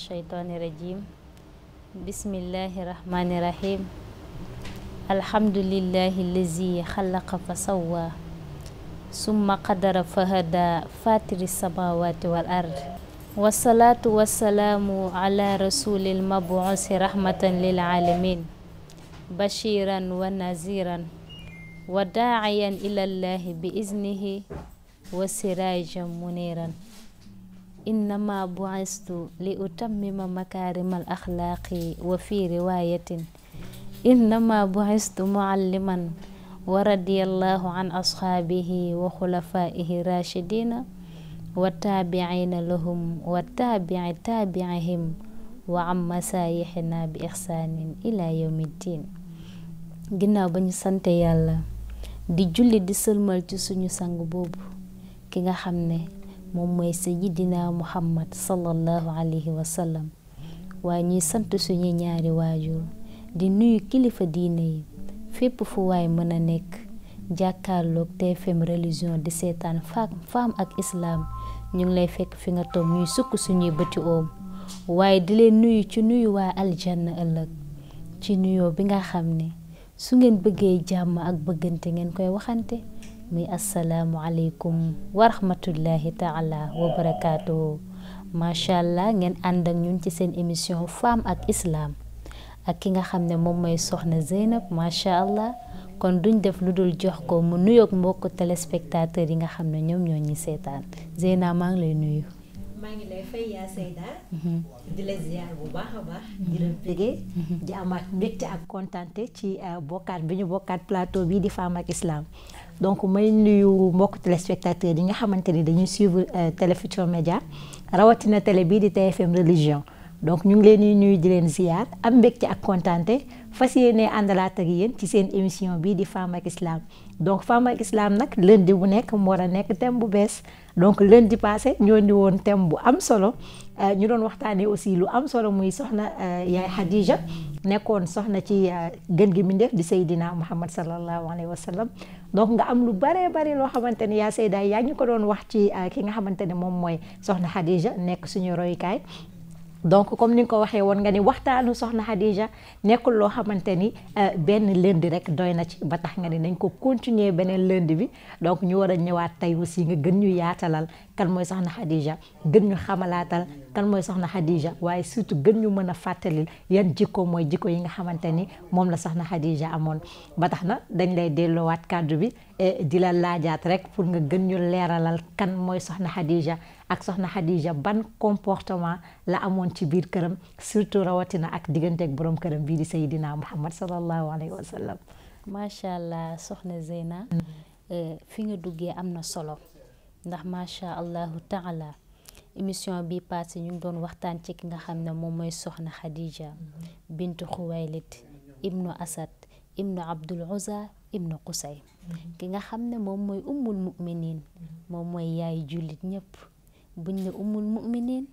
الشيطان الرجيم بسم الله الرحمن الرحيم الحمد لله الذي خلق فسوى ثم قدر فهدى فاتر السماوات والأرض والصلاة والسلام على رسول المبعوث رحمة للعالمين بشيرا ونذيرا وداعيا إلى الله بإذنه وسراجا منيرا innama bu'istu li utammima makaarimal axlaaqi wa fi riwaayatin innama bu'istu mualliman wa radiyallahu an asxaabihi wa xulafaa'ihi raashidiina wa taabiciina lahum wa taabici taabicihim wa am masaayixinaa bi ixsaanin ilaa yawmiddiin ginnaaw ba ñu sante yàlla di julli di sëlmal ci suñu sang ki nga xam moom mooy sayidina muhammad sallallahu alayhi wa sallam waaye ñuy sant suñu ñaari waajur di nuyu kilifa diine yi fépp fu waay mën a nekk jàkkaarloog TFM religion di seetaan femme ak islaam ñu ngi lay fekk fi nga toog ñuy sukk suñuy bëti oom waaye di leen nuyu ci nuyu waa aljanna ëllëg ci nuyoo bi nga xam ne su ngeen bëggee jàmm ak bëggante ngeen koy waxante muy asalaamualeykum wa rahmatullahi taala wa barakaatu macha allah ngeen ànd ak ñun ci seen émission femme ak islaam ak ki nga xam ne moom mooy soxna Zeynab macha allah kon duñ def lu dul jox ko mu nuyoog mbokk téléspectateur yi nga xam ne ñoom ñoo ñuy seetaan Zeynab maa ngi lay nuyu. maa ngi lay fay yaa Seyda mhm. di la ziar bu baax a baax mhm. di la bëggee mhm. di amaat mbégte ak kontaante ci euh, bokkaat bi ñu bokkaat plateau bii di Femme ak islaam donc may nuyu mbokk téléspectateurs yi nga xamante ni dañuy suivre euh, Télé média rawatina télé bii di TFM religion donc ñu ngi leen di nuyu di leen ziar am mbégte ak kontante fas yéene àndalaat ak yéen ci seen émission bii di Femme ak Islam donc Femme ak islaam nag lundi bu nekk mu war a nekk thème bu bees donc lundi passé ñoo di woon thème bu am solo Euh, ñu doon waxtaanee aussi lu am solo muy soxna euh, yaay Khadija nekkoon soxna ci euh, gën gi mbindeef di Seydina Muhammad sallallahu alayhi wa sallam donc nga am lu bare bare loo xamante ne yaa Seyda yaa ñu ko doon wax ci ki nga xamante ne moom mooy soxna Khadija nekk suñu royukaay. donc comme ni nga ko waxee woon nga ni waxtaanu soxna Khadija nekkul loo xamante ni benn lundi rek doy na ci ba tax nga ni nañ ko continuer beneen lundi bi donc ñu war a ñëwaat tey aussi nga gën ñu yaatalal kan mooy soxna Khadija gën ñu xamalaatal kan mooy soxna Khadija waaye surtout gën ñu mën a fàttalil yan jikko mooy jikko yi nga xamante ni moom la soxna Khadija amoon ba tax na dañ lay delloowaat kàddu bi e, di la laajaat rek pour nga gën ñu leeralal kan mooy soxna Khadija ak soxna Khadija ban comportement la amoon ci biir këram surtout rawatina ak digganteeg borom këram bii di Seydina Muhammad sallallahu alayhi wa sallam macha allah soxna Zeyna e, fi nga duggee am na solo ndax macha allahu taala émission bi passé ñu ngi doon waxtaan ci ki nga xam ne moom mooy soxna Khadija bintu Xuwaylid ibnu Asad ibnu Abdul Uzza ibnu Qusay ki nga xam ne moom mooy ummul muminin moom mooy yaay jullit ñëpp buñ ne ummul muminin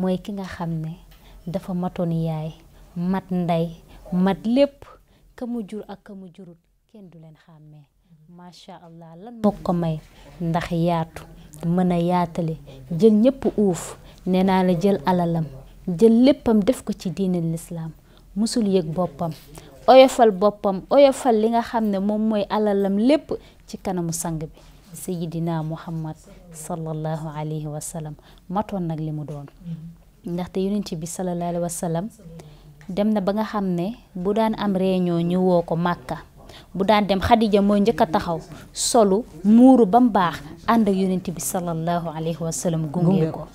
mooy ki nga xam ne dafa matoon yaay mat ndey mat lépp ka mu jur ak ka mu jurut kenn du leen xàmmee macha allah lan moo ko may ndax yaatu mën a yaatale jël ñëpp uuf ne naa la jël alalam jël léppam def ko ci diine lislaam musul yëg boppam oyofal boppam oyofal li nga xam ne moom mooy alalam lépp ci kanamu sang bi sayidina muhammad sallallahu alayhi wa sallam matoon nag li mu doon ndaxte yonent bi sallallahu alayhi wa dem na ba nga xam ne bu daan am réunion ñu woo ko màkka bu daan dem Xadija mooy njëkk a taxaw solu muuru ba mu baax ànd ak yonent bi sallallahu alayhi wa sallam gunge ko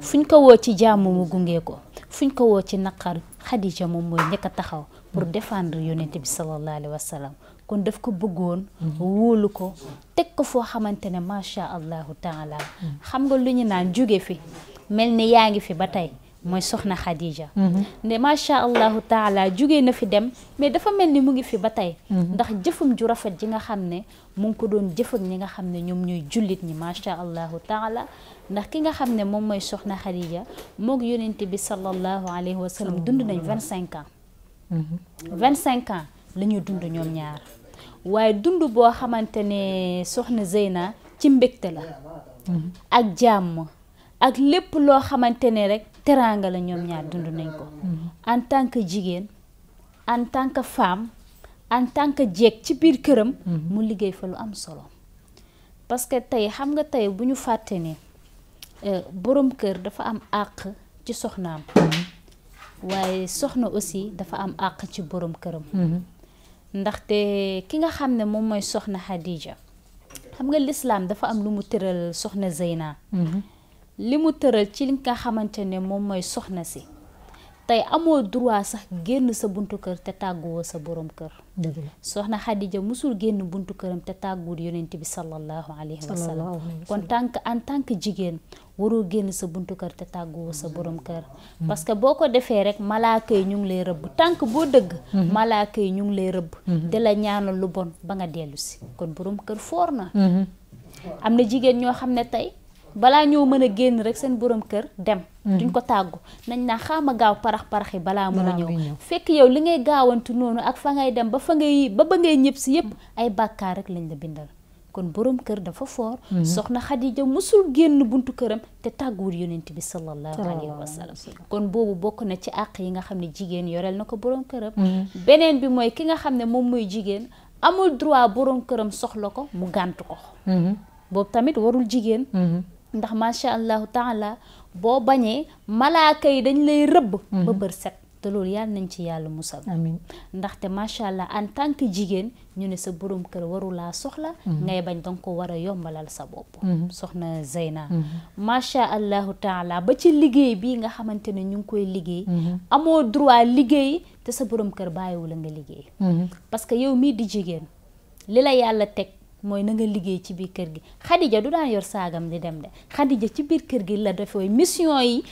fuñ ko woo ci jàmm gunge ko fuñ ko woo ci naqar Xadija moom mooy njëkk taxaw pour défendre yonent bi sallallahu alayhi wa sallam kon def ko bëggoon wóolu ko teg ko foo xamante ne macha allahu taala mm. xam nga lu ñu naan jóge fi mel ni yaa ngi fi ba tey mooy soxna Khadija. Mhm. ne macha allahu taala jugee na fi dem mais dafa mel ni mu ngi fi ba tey. Mhm. ndax jëfam ju rafet ji nga xam ne mu ngi ko doon jëf ñi nga xam ne ñoom ñooy jullit ñi macha allahu taala ndax ki nga xam ne moom mooy soxna Khadija moog yonent bi sallallahu alayhi wa sallam dund nañ vingt cinq mhm. cinq ans la ñuy dund ñoom ñaar waaye dund boo xamante ne soxna Zeyna ci mbégte la. ak jàmm ak lépp loo xamante ne rek. teraanga la ñoom ñaar dund nañ ko mm-hmm. en tant que jigéen en tant que femme en tant que jeeg ci biir këram mm-hmm. mu liggéey fa lu am solo parce que tey xam nga tey bu ñu fàtte ne euh, boroom kër dafa am àq ci soxnaam mm-hmm. waaye soxna aussi dafa am àq ci boroom këram ndaxte ki nga xam ne moom mooy soxna Xadija xam nga lislaam dafa am lu mu tëral soxna Zeyna li mu tëral ci li nga xamante ne moom mooy soxna si tey amoo droit sax génn sa buntu kër te tàgguwoo sa borom kër. soxna Xadija mosul génn buntu këram te tàgguwul yonent bi sallallahu alayhi wa sallam kon tant en tant jigéen waroo génn sa buntu kër te tàgguwoo sa borom kër. Mm-hmm. parce que boo ko defee rek malaaka yi ñu ngi lay rëbb tànk boo dëgg. Mm-hmm. malaaka yi ñu ngi lay rëbb. Mm-hmm. di la ñaanal lu bon ba nga dellu si kon borom kër foor na. am na jigéen ñoo xam ne tey. balaa ñoo mën a génn rek seen boroom kër dem mhm. duñ ko tàggu nañ naa xaama gaaw parax-paraxi balaa mën a ñëw fekk yow li ngay gaawantu noonu ak fa ngay dem ba fa ngay ba ba ngay ñëpp si yëpp mhm. ay bàkkaar rek lañ la bindal kon borom kër dafa foor mhm. soxna Xadija musul génn buntu këram te tàgguwul yonent bi sallallahu alayhi wa sallam kon boobu bokk na ci àq yi nga xam ne jigéen yoreel na ko borom këram beneen bi mooy ki nga xam ne moom mooy jigéen amul droit boroom këram soxla ko mu gàntu ko boobu tamit warul jigéen ndax macha allahu taala boo bañee malaaka yi dañ lay rëbb ba mhm. bër set te loolu yàlla nañ ci yàlla musal amiin ndaxte macha allah en tant que jigéen ñu ne sa borom kër warulaa soxla mhm. ngay bañ danga ko war a yombalal sa bopp mhm. soxna Zeyna macha allahu taala ba ci liggéey bi nga xamante ne ñu ngi koy liggéey amoo droit liggéey te sa borom kër bàyyiwu la nga liggéey parce que yow mii di jigéen li la yàlla teg mooy na liggéey ci biir kër gi Khadija du daan yor saagam di dem de Khadija ci biir kër gi la defooy mission yi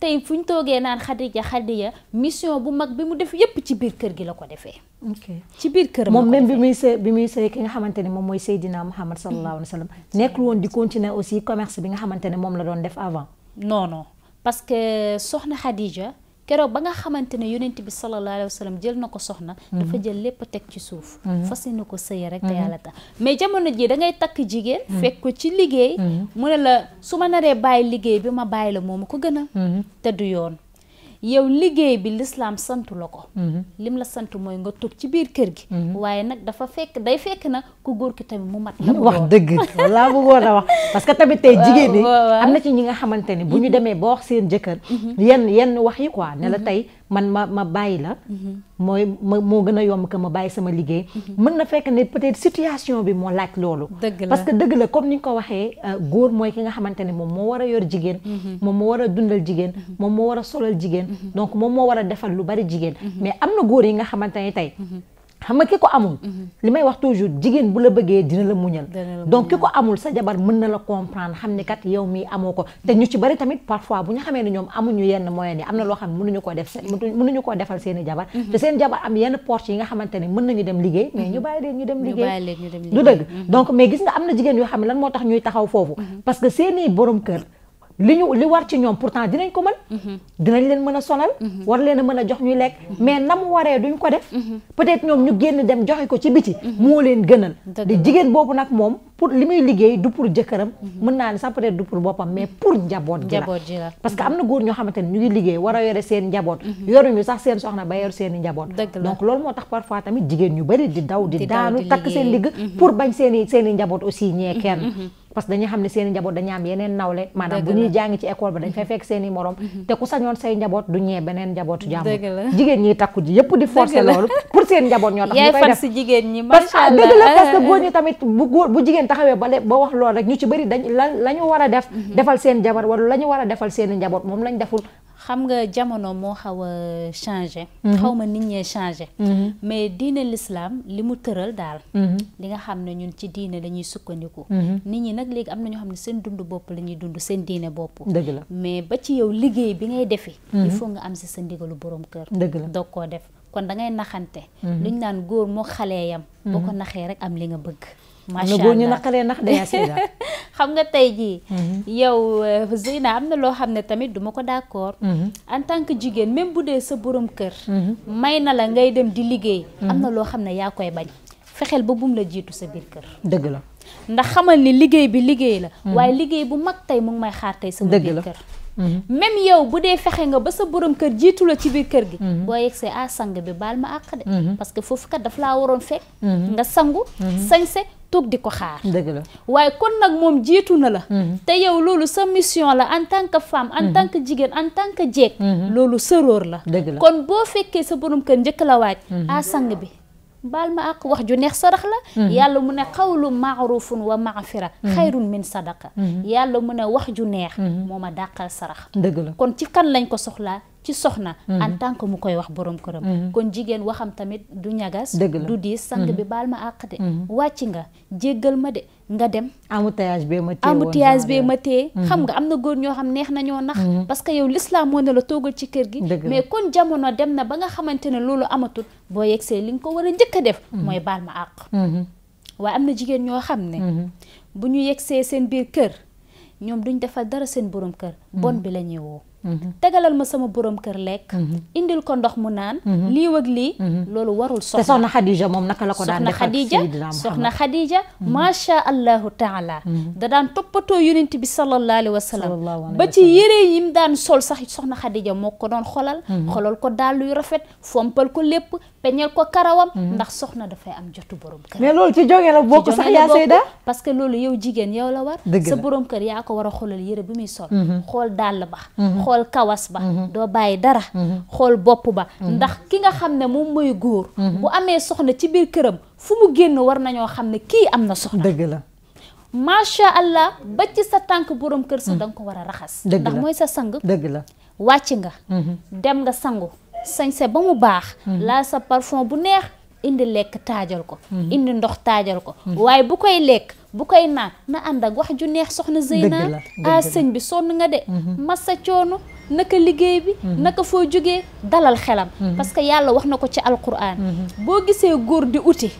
tey fu ñu toogee naan Khadija Khadija mission bu mag bi mu def yépp ci biir kër gi la ko defee. ok ci biir kër moom même bi muy sëy bi muy sëy ki nga xamante ne moom mooy Seydina Muhammad sallallahu alayhi wa sallam mm. nekkul woon di continuer aussi commerce bi nga xamante ne moom la doon def avant. non non parce que soxna Khadija. keroog ba nga xamante ne yonent bi sallallahu alayhi wa jël na ko soxna mhm. dafa jël lépp a teg ci suuf mhm. fas na ko sëye rek te mhm. yàlla tax mais jamono ji da ngay takk jigéen fekk ko ci liggéey mu ne la su ma naree bàyyi liggéey bi ma bàyyi la moom ko gën a te du yoon yow liggéey bi lislaam santu la ko mhm. lim la sant mooy nga toog ci biir kër gi mhm. waaye nag dafa fekk day fekk na ku góor ki tamit mu mat la wax dëgg laa bëggoon a wax parce que tamit tey jigéen ñi am na ci ñi nga xamante ni bu ñu mhm. demee ba wax seen jëkkër yenn yenn wax yi quoi ne la tey man ma ma bàyyi la. Mm-hmm. mooy ma moo gën a yomb que ma bàyyi sama liggéey. Mm-hmm. mën na fekk ne peut-être situation bi moo laaj loolu. parce que dëgg la comme ni ñu ko waxee euh, góor mooy ki nga xamante ne moom moo war a yor jigéen. Mm-hmm. moom moo war a dundal jigéen. moom moo war a solal jigéen. donc moom moo war a defal lu bari jigéen. mais am na góor yi nga xamante tey. xam nga ki ko amul. Mhm. li may wax toujours jigéen bu la bëggee dina la mu muñal. donc ki ko amul sa jabar mën na la comprendre xam ni kat yow mii amoo ko. te ñu ci bari tamit parfois bu ñu xamee ne ñoom amuñu yenn moyen yi am na loo xam ne mënuñu koo def seen mënuñu koo defal seen i jabar. Mhm. te seen jabar am yenn porte yi nga xamante ne mën nañu dem liggéey. mais ñu mhm. bàyyi leen ñu dem liggéey. du dëgg donc mais gis nga am na jigéen yoo xam ne lan moo tax ñuy taxaw foofu. parce que seen borom kër. li ñu li war ci ñoom pourtant dinañ ko mën. Mhm. dinañ leen mën a sonal. Mhm. war leen a mën a jox ñuy lekk. Mhm. mais nam mu waree duñ ko def. peut-être ñoom ñu génn dem joxe ko ci biti. moo leen gënal. di jigéen boobu nag moom pour li muy liggéey du pour jëkkëram. mën naa ne sax pour boppam mais pour njaboot gi la. parce que am na góor ñoo xamante ne ñu ngi liggéey war a yore seen njaboot. yoruñu sax seen soxna ba yor seen i njaboot. donc loolu moo tax parfois tamit jigéen ñu bari di daw di daanu takk seen ligg pour bañ seeni seen i njaboot aussi ñee kenn parce que dañuy xam ne seen i njaboot dañu am yeneen nawle maanaam bu ñuy jàngi ci école ba dañ fay fekk seen i morom mm-hmm. te ku sañoon say njaboot du ñee beneen njabootu jàmm jigéen ñi takku ji yëpp di forcer loolu pour seen njaboot ñoo tax ñu koy ñi tamit bu góor bu jigéen taxawee ba ba wax lool rek ñu ci bëri dañ la la ñu war def mm-hmm. defal seen jabar wala la ñu war defal seen i njaboot moom lañ deful xam nga jamono moo xaw a changé. Mhm. xaw ma nit ñee changé. Mhm. mais diine lislaam li mu tëral daal. Mhm. li nga xam ne ñun ci diine la ñuy sukkandiku. nit ñi nag léegi am na ñoo xam ne seen dund bopp lañuy dund seen diine bopp. dëgg la mais ba ci yow liggéey bi ngay defi. il faut nga am si sa ndigalu borom kër. dëgg la doog koo def kon da ngay naxante. luñ naan góor moo xalee yam. boo ko naxee rek am li nga bëgg. macha allah góor ñu naqaree nax de xam nga tey jii. Mhm. yow euh, Zeyna am na loo xam ne tamit duma ko d'accord. Mhm. en tant que jigéen même bu dee sa borom kër. Mhm. may na la ngay dem di liggéey. am na loo xam ne yaa koy bañ. fexeel ba bum la jiitu sa biir kër. dëgg la ndax xamal ni liggéey bi liggéey la. waaye liggéey bu mag tey mu ngi may xaar tey sama même yow bu dee fexe nga ba sa borom kër jiitu la ci biir kër gi. boo yegsee ah sang bi baal ma àq de. parce que foofu kat daf laa waroon fekk. nga sangu sañ sañse toog di ko xaar. dëgg la waaye kon nag moom jiitu na la. Mm-hmm. te yow loolu sa mission la en tant que femme. en mm-hmm. tant que jigéen en tant que jeeg. Mm-hmm. loolu sa rôle la. dëgg la kon boo fekkee sa borom kër njëkk la waaj. a sang bi. baal ma ak wax ju neex sarax la mm-hmm. yàlla mu ne xawlu maarufun wa maafira mm-hmm. xayrun min sadaka mm-hmm. yàlla mu ne wax ju neex moo ma dàqal sarax dëgg la kon ci kan lañ ko soxlaa ci soxna en tant mu koy wax borom këram kon jigéen waxam tamit du ñagas du diis sang bi baal ma àq de wàcc nga jéggal ma de nga dem. embouteillage bee ma téye embouteillage bee xam mhm. nga am na góor ñoo xam neex nañoo nax. Mhm. parce que yow l'islam moo ne la toogal ci kër gi. mais kon jamono dem na ba nga xamante ne loolu amatul boo yegsee li nga ko war a njëkk def. Mhm. mooy baal ma àq. waaye am na jigéen ñoo xam ne. bu ñu yegsee seen biir kër ñoom duñ defar dara seen borom kër. bon mhm. bi la ñuy woo mhm. tegalal ma sama boroom kër lekk mhm. indil ko ndox mu naan lii wëg lii loolu warul soxna te soxna Xadija moom naka la ko daan def Xadija soxna Xadija macha allahu taala da daan toppatoo yonent bi sallallahu alayhi wa sallam ba ci yi yim daan sol sax soxna Xadija moo ko doon xolal xolal ko dàll yu rafet fompal ko lépp peñal ko karawam ndax soxna dafay am jotu borom kër mais loolu ci jóge la bokk sax yaa Seyda parce loolu yow jigéen yow la war sa borom kër yaa ko war a yére bi muy sol xool dàll ba mhm. xool kawas ba mhm. doo bàyyi dara mhm. xool bopp ba ndax ki nga xam ne moom mooy góor bu amee soxna ci biir këram fu mu génn war nañoo xam ne kii am na soxna dëgg la macha allah ba ci sa tànk boroom kër sa danga ko war a raxas ndax mooy sa sang dëgg la wàcc nga dem nga sangu sañse ba mu baax laa sa parfum bu neex indi lekk taajal ko mhm. indi ndox taajal ko mhm. waaye bu koy lekk bu koy naan na ànd ak wax ju neex soxna Zeyna ah sëñ bi sonn nga de mhm. massa coono naka liggéey bi naka foo jógee dalal xelam parce que yàlla wax na ko ci alquran boo gisee góor di uti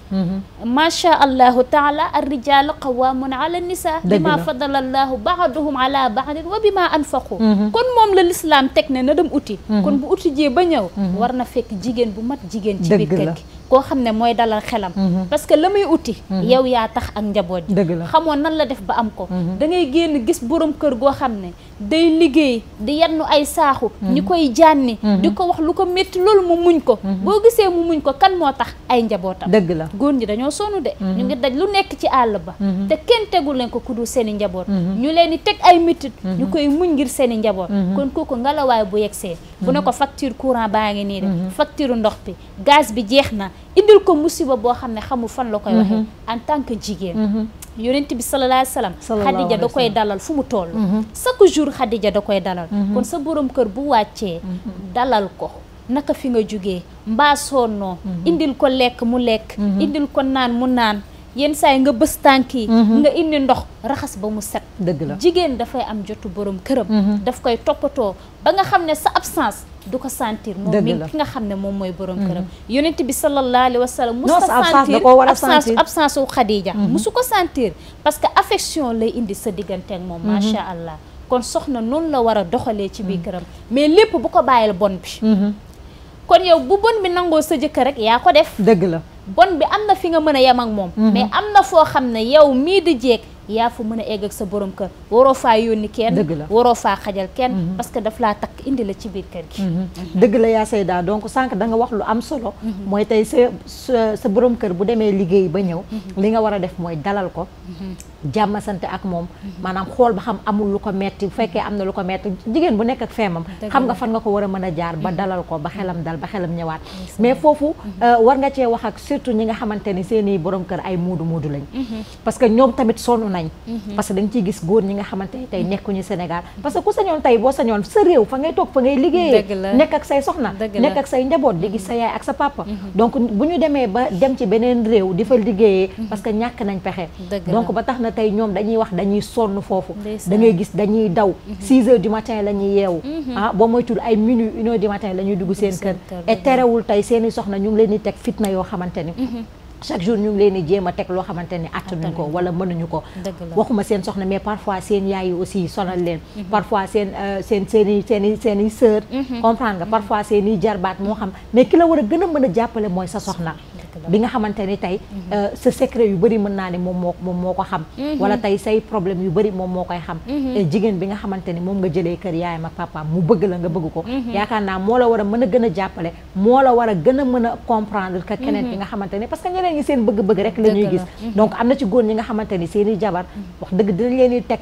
macha allahu taala ar rijalu qawaamun ala nisa bima fadala allahu baaduhum ala baadin wa bima anfaqu kon moom la lislaam teg ne na dem uti kon bu uti jee ba ñëw war na fekk jigéen bu mat jigéen ci biir kër koo xam ne mooy dalal xelam mhm. parce que la muy uti mhm. yow yaa tax ak njaboot ji xamoon nan la def ba am ko mhm. da ngay génn gis boroom kër goo xam ne day liggéey di yannu ay saaxu ñi koy jànni di ko wax lu ko métti loolu mu muñ ko boo gisee mu muñ ko kan moo tax ay njabootam dëgg la góor ñi dañoo sonu de ñu ngi daj lu nekk ci àll ba te kenn tegul leen ko kudu seen i njaboot ñu leen di teg ay métit ñu koy muñ ngir seeni i njaboot kon kooku ngelawaay bu yegsee bu ne ko facture courant baa ngi nii de facture ndox bi gaz bi jeex na indil ko musiba boo xam ne xamul fan la koy waxee mm-hmm. en tant que jigéen mm-hmm. yonent bi sallallahu alayhi wa sallam da koy dalal fu mu toll mm-hmm. chaque jour xadija da koy dalal kon sa borom kër bu wàccee dalal ko naka fi nga jógee mbaa sonnoo indil ko lekk mu lekk indil ko naan mu naan yenn saa yi nga bës tànk yi mhm. nga indi ndox raxas ba mu set dëgg la jigéen dafay am jotu borom këram mhm. daf koy toppatoo ba nga xam ne sa absence du ko sentir moom mi ki nga xam ne moom mooy borom mhm. këram yonent bi sallallahu alayhi wa sallam musu ko sentir absence absence wu Khadija musu ko sentir parce que affection lay indi sa diggante moom macha allah kon soxna noonu la war a doxalee ci biir këram mais lépp bu ko bàyyil bon bi kon yow bu bon bi nangoo sa jëkkër rek yaa ko def dëgg la bon bi am na fi nga mën a yem ak moom mhm. mais am na foo xam ne yow mii di jeeg yaa fa mën a egg ak sa borom kër waroo faa yónni kenn waroo faa xajal kenn mhm. parce que daf laa takk indi la ci biir kër gi mhm. dëgg la yaa Seyda donc sànq danga wax lu am solo mhm. mooy tey sa sa borom kër bu demee liggéey ba ñëw li nga war a def mooy dalal ko jàmm sante ak moom maanaam xool ba xam amul lu ko metti bu fekkee am na lu ko metti jigéen bu nekk feemam xam nga fan nga ko war a mën a jaar ba dalal ko ba xelam dal ba xelam ñëwaat mais foofu euh, war nga cee wax ak surtout ñi nga xamante ni seen i borom kër ay muudu muudu lañ parce que ñoom tamit sonn nañ nañ mhm. parce que da nga ciy gis góor ñi nga xamante ni tey mhm. ñu Sénégal parce que ku sañoon tey boo sañoon sa réew fa ngay toog fa ngay liggéeyee nekk ak say soxna nekk ak say njaboot di gis mhm. sa yaay ak sa papa donc bu ñu demee ba dem ci beneen réew di fa liggéeyee parce que ñàkk nañ pexe donc ba tax na tey ñoom dañuy wax dañuy sonn foofu da ngay gis dañuy daw six heures du matin la ñuy yeewu ah boo moytul ay minuit une heure du la ñuy dugg seen kër et terewul tey seeni soxna ñu leen di teg fitna yoo xamante ni chaque jour ñu ngi leen di jéem a teg loo xamante ne attanuñ ko wala ñu ko waxuma seen soxna mais parfois seen yaay yi aussi sonal leen mhm. parfois seen euh, seen seen i seen i seen i sœur mhm. comprendre nga mhm. parfois seen jarbaat moo xam mais ki la war a gën a mën a jàppale mooy sa soxna bi nga xamante mhm. euh, sa secret yu bëri mën naa ne moom moo moom moo mhm. say problème yu bëri moom moo mhm. euh, jigéen bi nga xamante ni moom nga jëlee kër yaayam ak mu bëgg nga bëgg ko yaakaar naa moo la war a mën a gën a jàppale la war a gën a comprendre que keneen nga xamante parce que ñeneen ñi seen bëgg-bëgg rek la ñuy gis donc am na ci góor ñi nga xamante ni i jabar wax dëgg dinañ leen di teg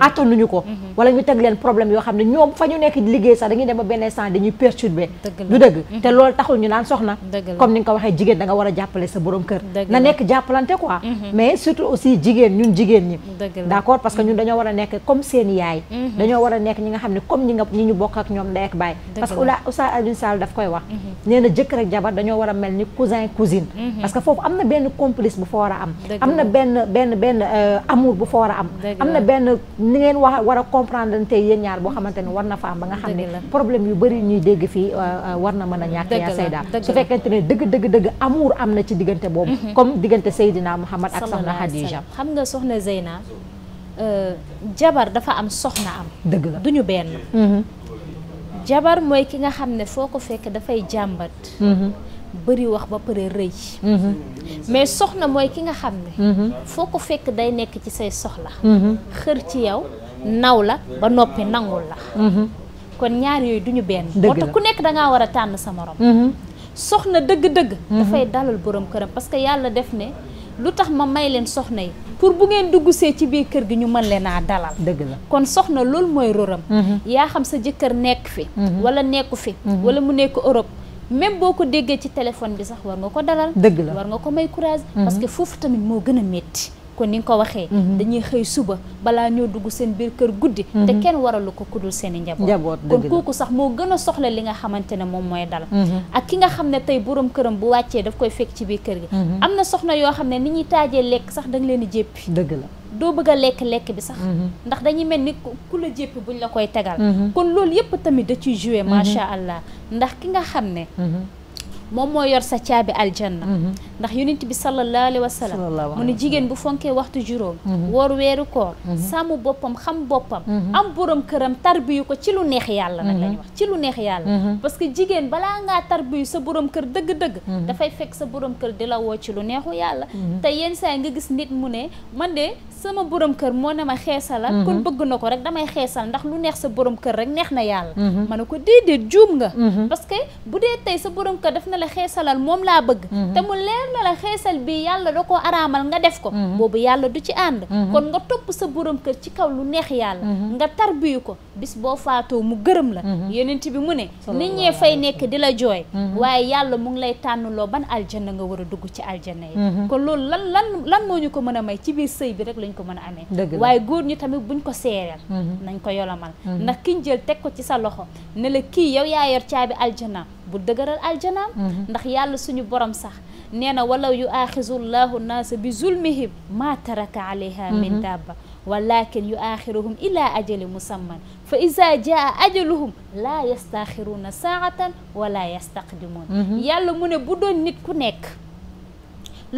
attanuñu ko mhm. wala ñu teg leen problème yoo xam ne ñoom fa ñu nekk liggéey sax dañuy dem ba benn instant dañuy perturbé du dëgg mhm. te loolu taxul ñu naan soxna comme ni nga waxee jigéen da war a jàppale sa borom kër na nekk jàppalante quoi mhm. mais surtout aussi jigéen ñun jigéen ñi d'accord parce que ñun dañoo war a nekk comme seen yaay dañoo war a nekk ñi nga xam ne comme ñi nga ñi ñu bokk ak ñoom ndey ak baay parce que oula Oustaz Alioune Sall daf koy wax am na benn ni ngeen wax war a comprendre te yéen ñaar boo xamante ne war na fa am ba nga xam ne problème yu bëri ñuy dégg fii euh, euh, war na mën a ñàkk yaa Seyda su fekkente ne dëgg dëgg dëgg amour am na ci diggante boobu mhm. comme diggante Seydina Muhammad ak soxna Khadija xam nga soxna Zeyna euh, jabar dafa am soxna am dëgg la duñu benn mhm. jabar mooy ki nga xam ne foo ko fekk dafay jàmbat mhm. bëri wax ba pare rëy. Mm-hmm. mais soxna mooy ki nga xam ne. Mm-hmm. foo ko fekk day nekk ci say soxla. Mm-hmm. xër ci yow naw la ba noppi nangul la. kon ñaar yooyu duñu benn. dëgg la ku nekk da ngaa war a tànn sa morom. soxna dëgg-dëgg. dafay dalal borom këram parce que yàlla def ne. lu tax ma may leen soxna yi pour bu ngeen dugg see ci biir kër gi ñu mën leen a dalal dëgg la kon soxna loolu mooy roram yaa xam sa jëkkër nekk fi walla nekku fi wala mu nekk Europe même boo ko déggee ci téléphone bi sax war nga ko dalal. dëgg la war nga ko may courage. Mhm. parce que foofu tamit moo gën a métti. kon ni nga ko waxee. Mhm. dañuy xëy suba balaa ñoo dugg seen biir kër guddi. Mhm. te kenn waralu ko kudul seeni i njaboot. njaboot kon ko sax moo gën a soxla li nga xamante ne moom mooy dal. ak ki nga xam ne tey borom këram bu wàccee daf koy fekk ci biir kër gi. am na soxna yoo xam ne ni ñuy taajee lekk sax da leen di jéppi. dëgg la. doo bëgg a lekk lekk bi sax. Mhm. ndax dañuy mel ni ku la jépp ñu la koy tegal. Mhm. kon loolu yëpp tamit da ciy joué. Mhm. macha allah ndax ki nga xam ne. moom moo yor sa caabi aljanna mhm. ndax yonent bi sallallahu alayhi wa sallam mu ne jigéen bu fonkee waxtu juróom mhm. woor weeru koor mhm. sàmm boppam xam boppam am borom këram tarbiyu ko ci lu neex yàlla nag la wax ci lu neex yàlla parce que jigéen balaa ngaa tarbiyu sa borom kër dëgg-dëgg dafay sa borom kër di la woo ci lu neexu yàlla te yenn saa nga gis nit mu ne man de sama boroom kër moo ne ma xeesal la kon bëgg na ko rek damay xeesal ndax lu neex sa borom kër rek neex na yàlla ma ne ko déedéet juum nga parce bu dee tey sa borom kër daf na la xeesalal moom laa bëgg mhm. te mu leer na la xeesal bi yàlla da ko araamal nga def ko mhm. boobu yàlla du ci ànd mhm. kon nga topp sa borom kër ci kaw lu neex yàlla nga tarbiyu ko bis boo faatoo mu gërëm la yonent bi mu ne nit ñee fay nekk di la jooy waaye yàlla mu ngi lay tànnloo ban aljanna nga war a dugg ci aljanna yi kon loolu lan lan lan moo ñu ko mën a may ci biir sëy bi rek lañ ko mën a amee waaye góor ñi tamit bu buñ ko seereel nañ ko yolomal ndax kiñ jël teg ko ci sa loxo ne la kii yow yaa yor caabi aljanna bu dëgëral aljanaam mhm. ndax yàlla suñu borom sax nee na walaw yu aaxisullahu naasa bi zulmihim maa taraka alayha min mhm. dabba walakin yu aaxiruhum ila ajali musamman fa isa jaa ajaluhum laa yastaaxiruuna saatan wala yastaqdimuun mhm. yàlla mu ne bu doon nit ku nekk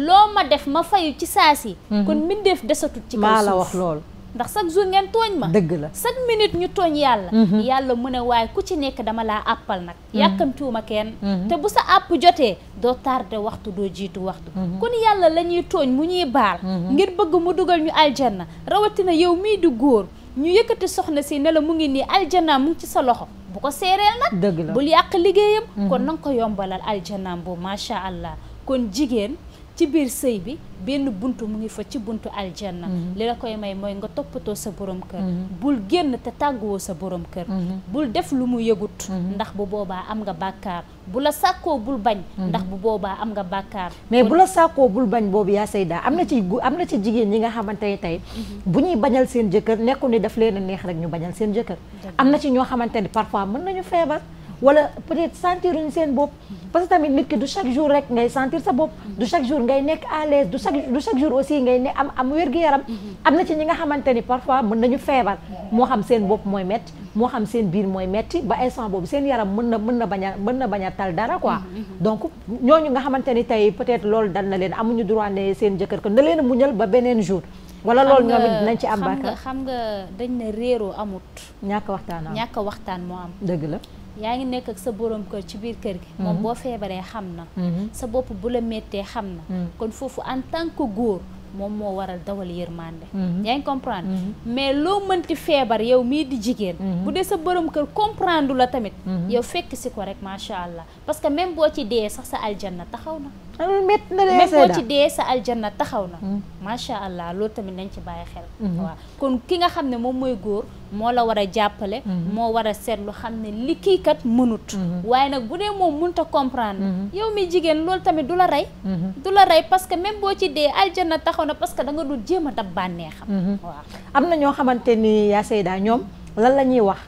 loo ma def ma fayu ci saasi kon mbindeef desatut ci kaw suuf maa la wax loolu ndax chaque jour ngeen tooñ ma dëgg la chaque minute ñu tooñ yàlla mhm. yàlla mu ne waaye ku ci nekk dama laa àppal nag mhm. yàkkamtiwuma kenn mhm. te bu sa àpp jotee doo tardé waxtu doo jiitu waxtu kon yàlla la ñuy tooñ mu ñuy baal ngir bëgg mu dugal ñu aljanna rawatina yow mii di góor ñu yëkkati soxna si ne la mu ngi nii aljanna mu ci sa loxo bu ko seereel nag dëgg la bul yàq liggéeyam kon na nga ko yombalal aljanaam bu macha allah kon jigéen ci biir sëy bi benn bunt mu ngi fa ci buntu aljanna mhm. li la koy may mooy nga toppatoo sa borom kër mhm. bul génn te tàgguwoo sa borom kër mhm. bul def lu mu yëgut ndax bu boobaa am nga bàkkaar bu la sàkkoo bul bañ ndax bu boobaa am nga bàkkaar mais bu la sàkkoo bul bañ boobu yaa sayda am na ci gu am na ci jigéen ñi nga xamante ne tey bu ñuy bañal seen jëkkër nekku ni daf leen a neex rek ñu bañal seen jëkkër am na ci ñoo xamante ni parfois mën nañu feebar wala peut-être sentir ñu seen bopp parce que tamit nit ki du chaque jour rek ngay sentir sa bopp du chaque jour ngay nekk à l'aise du chaque du chaque jour aussi ngay ne am am wér yaram am na ci ñi nga xamante ni parfois mën nañu feebar moo xam seen bopp mooy metti moo xam seen biir mooy metti ba instant boobu seen yaram mën na mën na bañ mën na bañ tal dara quoi donc ñooñu nga xamante ni tey peut-être loolu dal na leen amuñu droit ne seen jëkkër ko na leen mu muñal ba beneen jour wala loolu ñoom it dinañ ci am baakaar xam nga xam nga réeroo amut ñàkk waxtaan am ñàkk waxtaan moo am dëgg la yaa ngi nekk ak sa borom kër ci biir kër gi mm-hmm. moom boo feebaree xam na mm-hmm. sa bopp bu la méttee xam na mm-hmm. kon foofu en tant que góor moom moo waral dawal yërmande yaa ngi comprendre mais loo mënti feebar yow mii di jigéen bu dee sa borom kër comprendre la tamit yow fekk si ko rek macha allah parce que même boo ci dee sax sa aljanna taxaw na mét na dee même ci dee sa aljanna taxaw na. Mm. macha allah loolu tamit nañ ci bàyyi xel. Mm-hmm. waaw kon ki nga xam ne moom mooy góor moo la war a jàppale. Mm-hmm. moo war a seetlu xam ne li kii kat mënut. Mm-hmm. waaye nag bu dee moom mënut a comprendre. yow mi jigéen loolu tamit du la rey. du la rey parce que même boo ci dee aljanna taxaw na parce que da nga dul jéem a dab bànneexam. waaw am na ñoo xamante ni yaa Seyda ñoom lan la ñuy wax.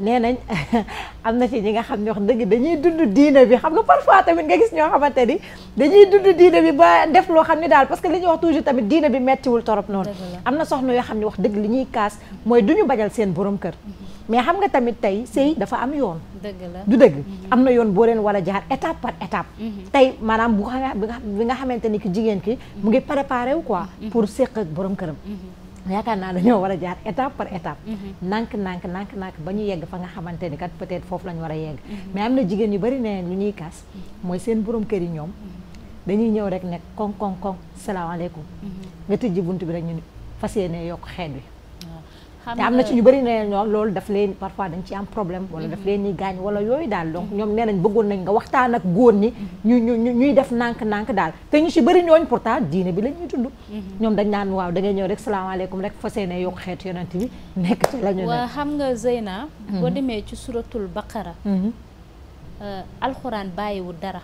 nee nañ am na ci ñi nga xam ne wax dëgg dañuy dund diine bi xam nga parfois tamit nga gis ñoo xamante ni dañuy dund diine bi ba def loo xam ne daal parce que li ñuy wax toujours tamit diine bi mettiwul torop noonu am na soxna yoo xam ne wax dëgg li ñuy kaas mooy du ñu bañal seen borom kër mais xam nga tamit tey sëy dafa am yoon dëgg la du dëgg mm-hmm. am na yoon boo leen war a jaar étape par étape mm-hmm. tey maanaam bu bi nga xamante ni ki jigéen ki mu ngi préparé wu quoi mm-hmm. pour séq ak borom këram yaakaar naa dañoo war a jaar étape par étape mhm. nànk nànk nànk nànk ba ñu yegg fa nga xamante ni kat peut-être foofu la war a yegg mhm. mais am na jigéen yu bari ne lu ñuy kaas mhm. mooy seen borom kër yi ñoom dañuy ñëw rek ne kon kon kon salaamaaleykum nga tijji bunt bi rek ñu fas yéene yokk xeet bi te am na ci ñu bëri ne ñoom loolu daf leen parfois dañ ci am problème wala daf leen ni gaañ wala yooyu daal donc mm-hmm. ñoom nee nañ bëggoon nañ nga waxtaan ak góor ñi ñu ñu ñuy def nànk-nànk daal te ñu si bëri ñooñ pourtant diine bi la ñuy dund mm-hmm. ñoom dañ naan waaw da ngay ñëw rek salaamaaleykum rek fas yéene yokk xeetu yonent bi nekk ci la ñu waaw xam nga Zeyna boo mm-hmm. demee ci suratul baqara euh, alxuraan bàyyiwul dara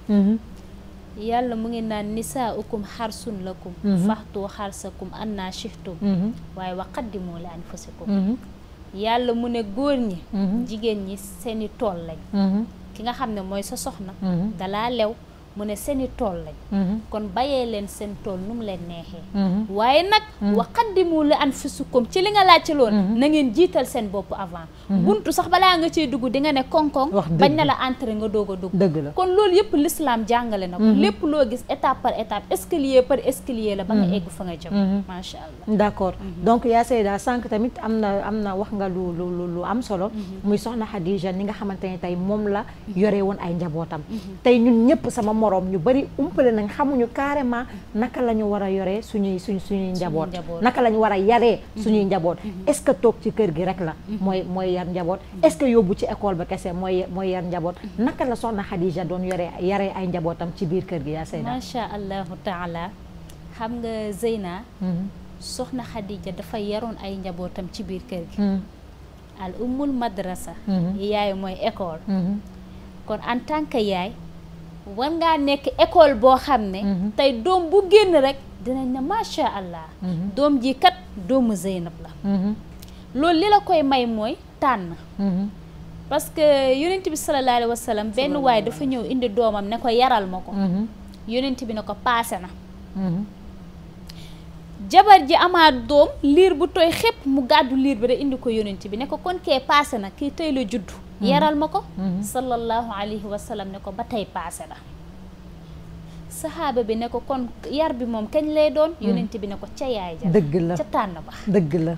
yàlla mu ngi naan nisaa ukum xarsun lakum mhm. faxtu xarsakum anna shiftum mhm. waaye wa qaddimu li anfusikum mhm. yàlla mu ne góor ñi jigéen ñi seeni tool lañ ki nga xam ne mooy sa soxna dalaa lew mu ne seeni tool lañ mhm. kon bàyyee leen seen tool nu mu leen neexee mhm. waaye nag la mhm. waqaddimu li anfusikum ci li nga laajte loon na ngeen jiital seen bopp avant buntu sax balaa nga ciy dugg di nga ne koŋ-koŋ bañ na la entrée nga doog a dugg kon loolu yëpp l'islam jàngale na lépp loo gis étape par étape escalier par escalier la ba nga egg fa nga jëm macha allah d'accord donc yaa Seyda sànq tamit am na am na wax nga lu lu am solo muy soxna Xadija ni nga xamante ne tey moom la yore woon ay njabootam morom ñu bari umpale nañ xamuñu carrément naka la ñu war a yore suñuy suñ suñuy njaboot naka la ñu war a yaree mhm. suñuy njaboot mhm. est-ce que toog ci kër gi rek la mhm. mooy mooy yar njaboot est-ce que yóbbu ci école ba kese mooy mooy yar njaboot naka la soxna Khadija doon yoree yare ay njabootam ci biir kër gi yaa Seyna macha allahu taala xam nga Zeyna soxna Khadija dafa yaroon ay njabootam ci biir kër gi al ummul madrasa yaay mooy école kon en tant yaay war ngaa nekk école boo xam ne mhm. tey doom bu génn rek dinañ ne macha allah mhm. doom ji kat doomu Zeynab la mhm. loolu li la koy may mooy tànn parce que yonent bi sallallahu alayhi wa sallam benn waay dafa ñëw indi doomam ne ko yaral ma ko yonent bi ne ko paase na jabar ji amaat doom liir bu tooy xëpp mu gàddu liir bi rek indi ko yonent bi ne ko kon kee paase na kii tey la juddu Mm-hmm. yaral ma ko mm-hmm. sallallahu alayhi wa ne ko ba tey paase na saxaaba bi ne ko kon yar bi moom kañ lay doon mm-hmm. yonent bi ne ko ca yaay ja dëgg la ca tànn ba dëgg la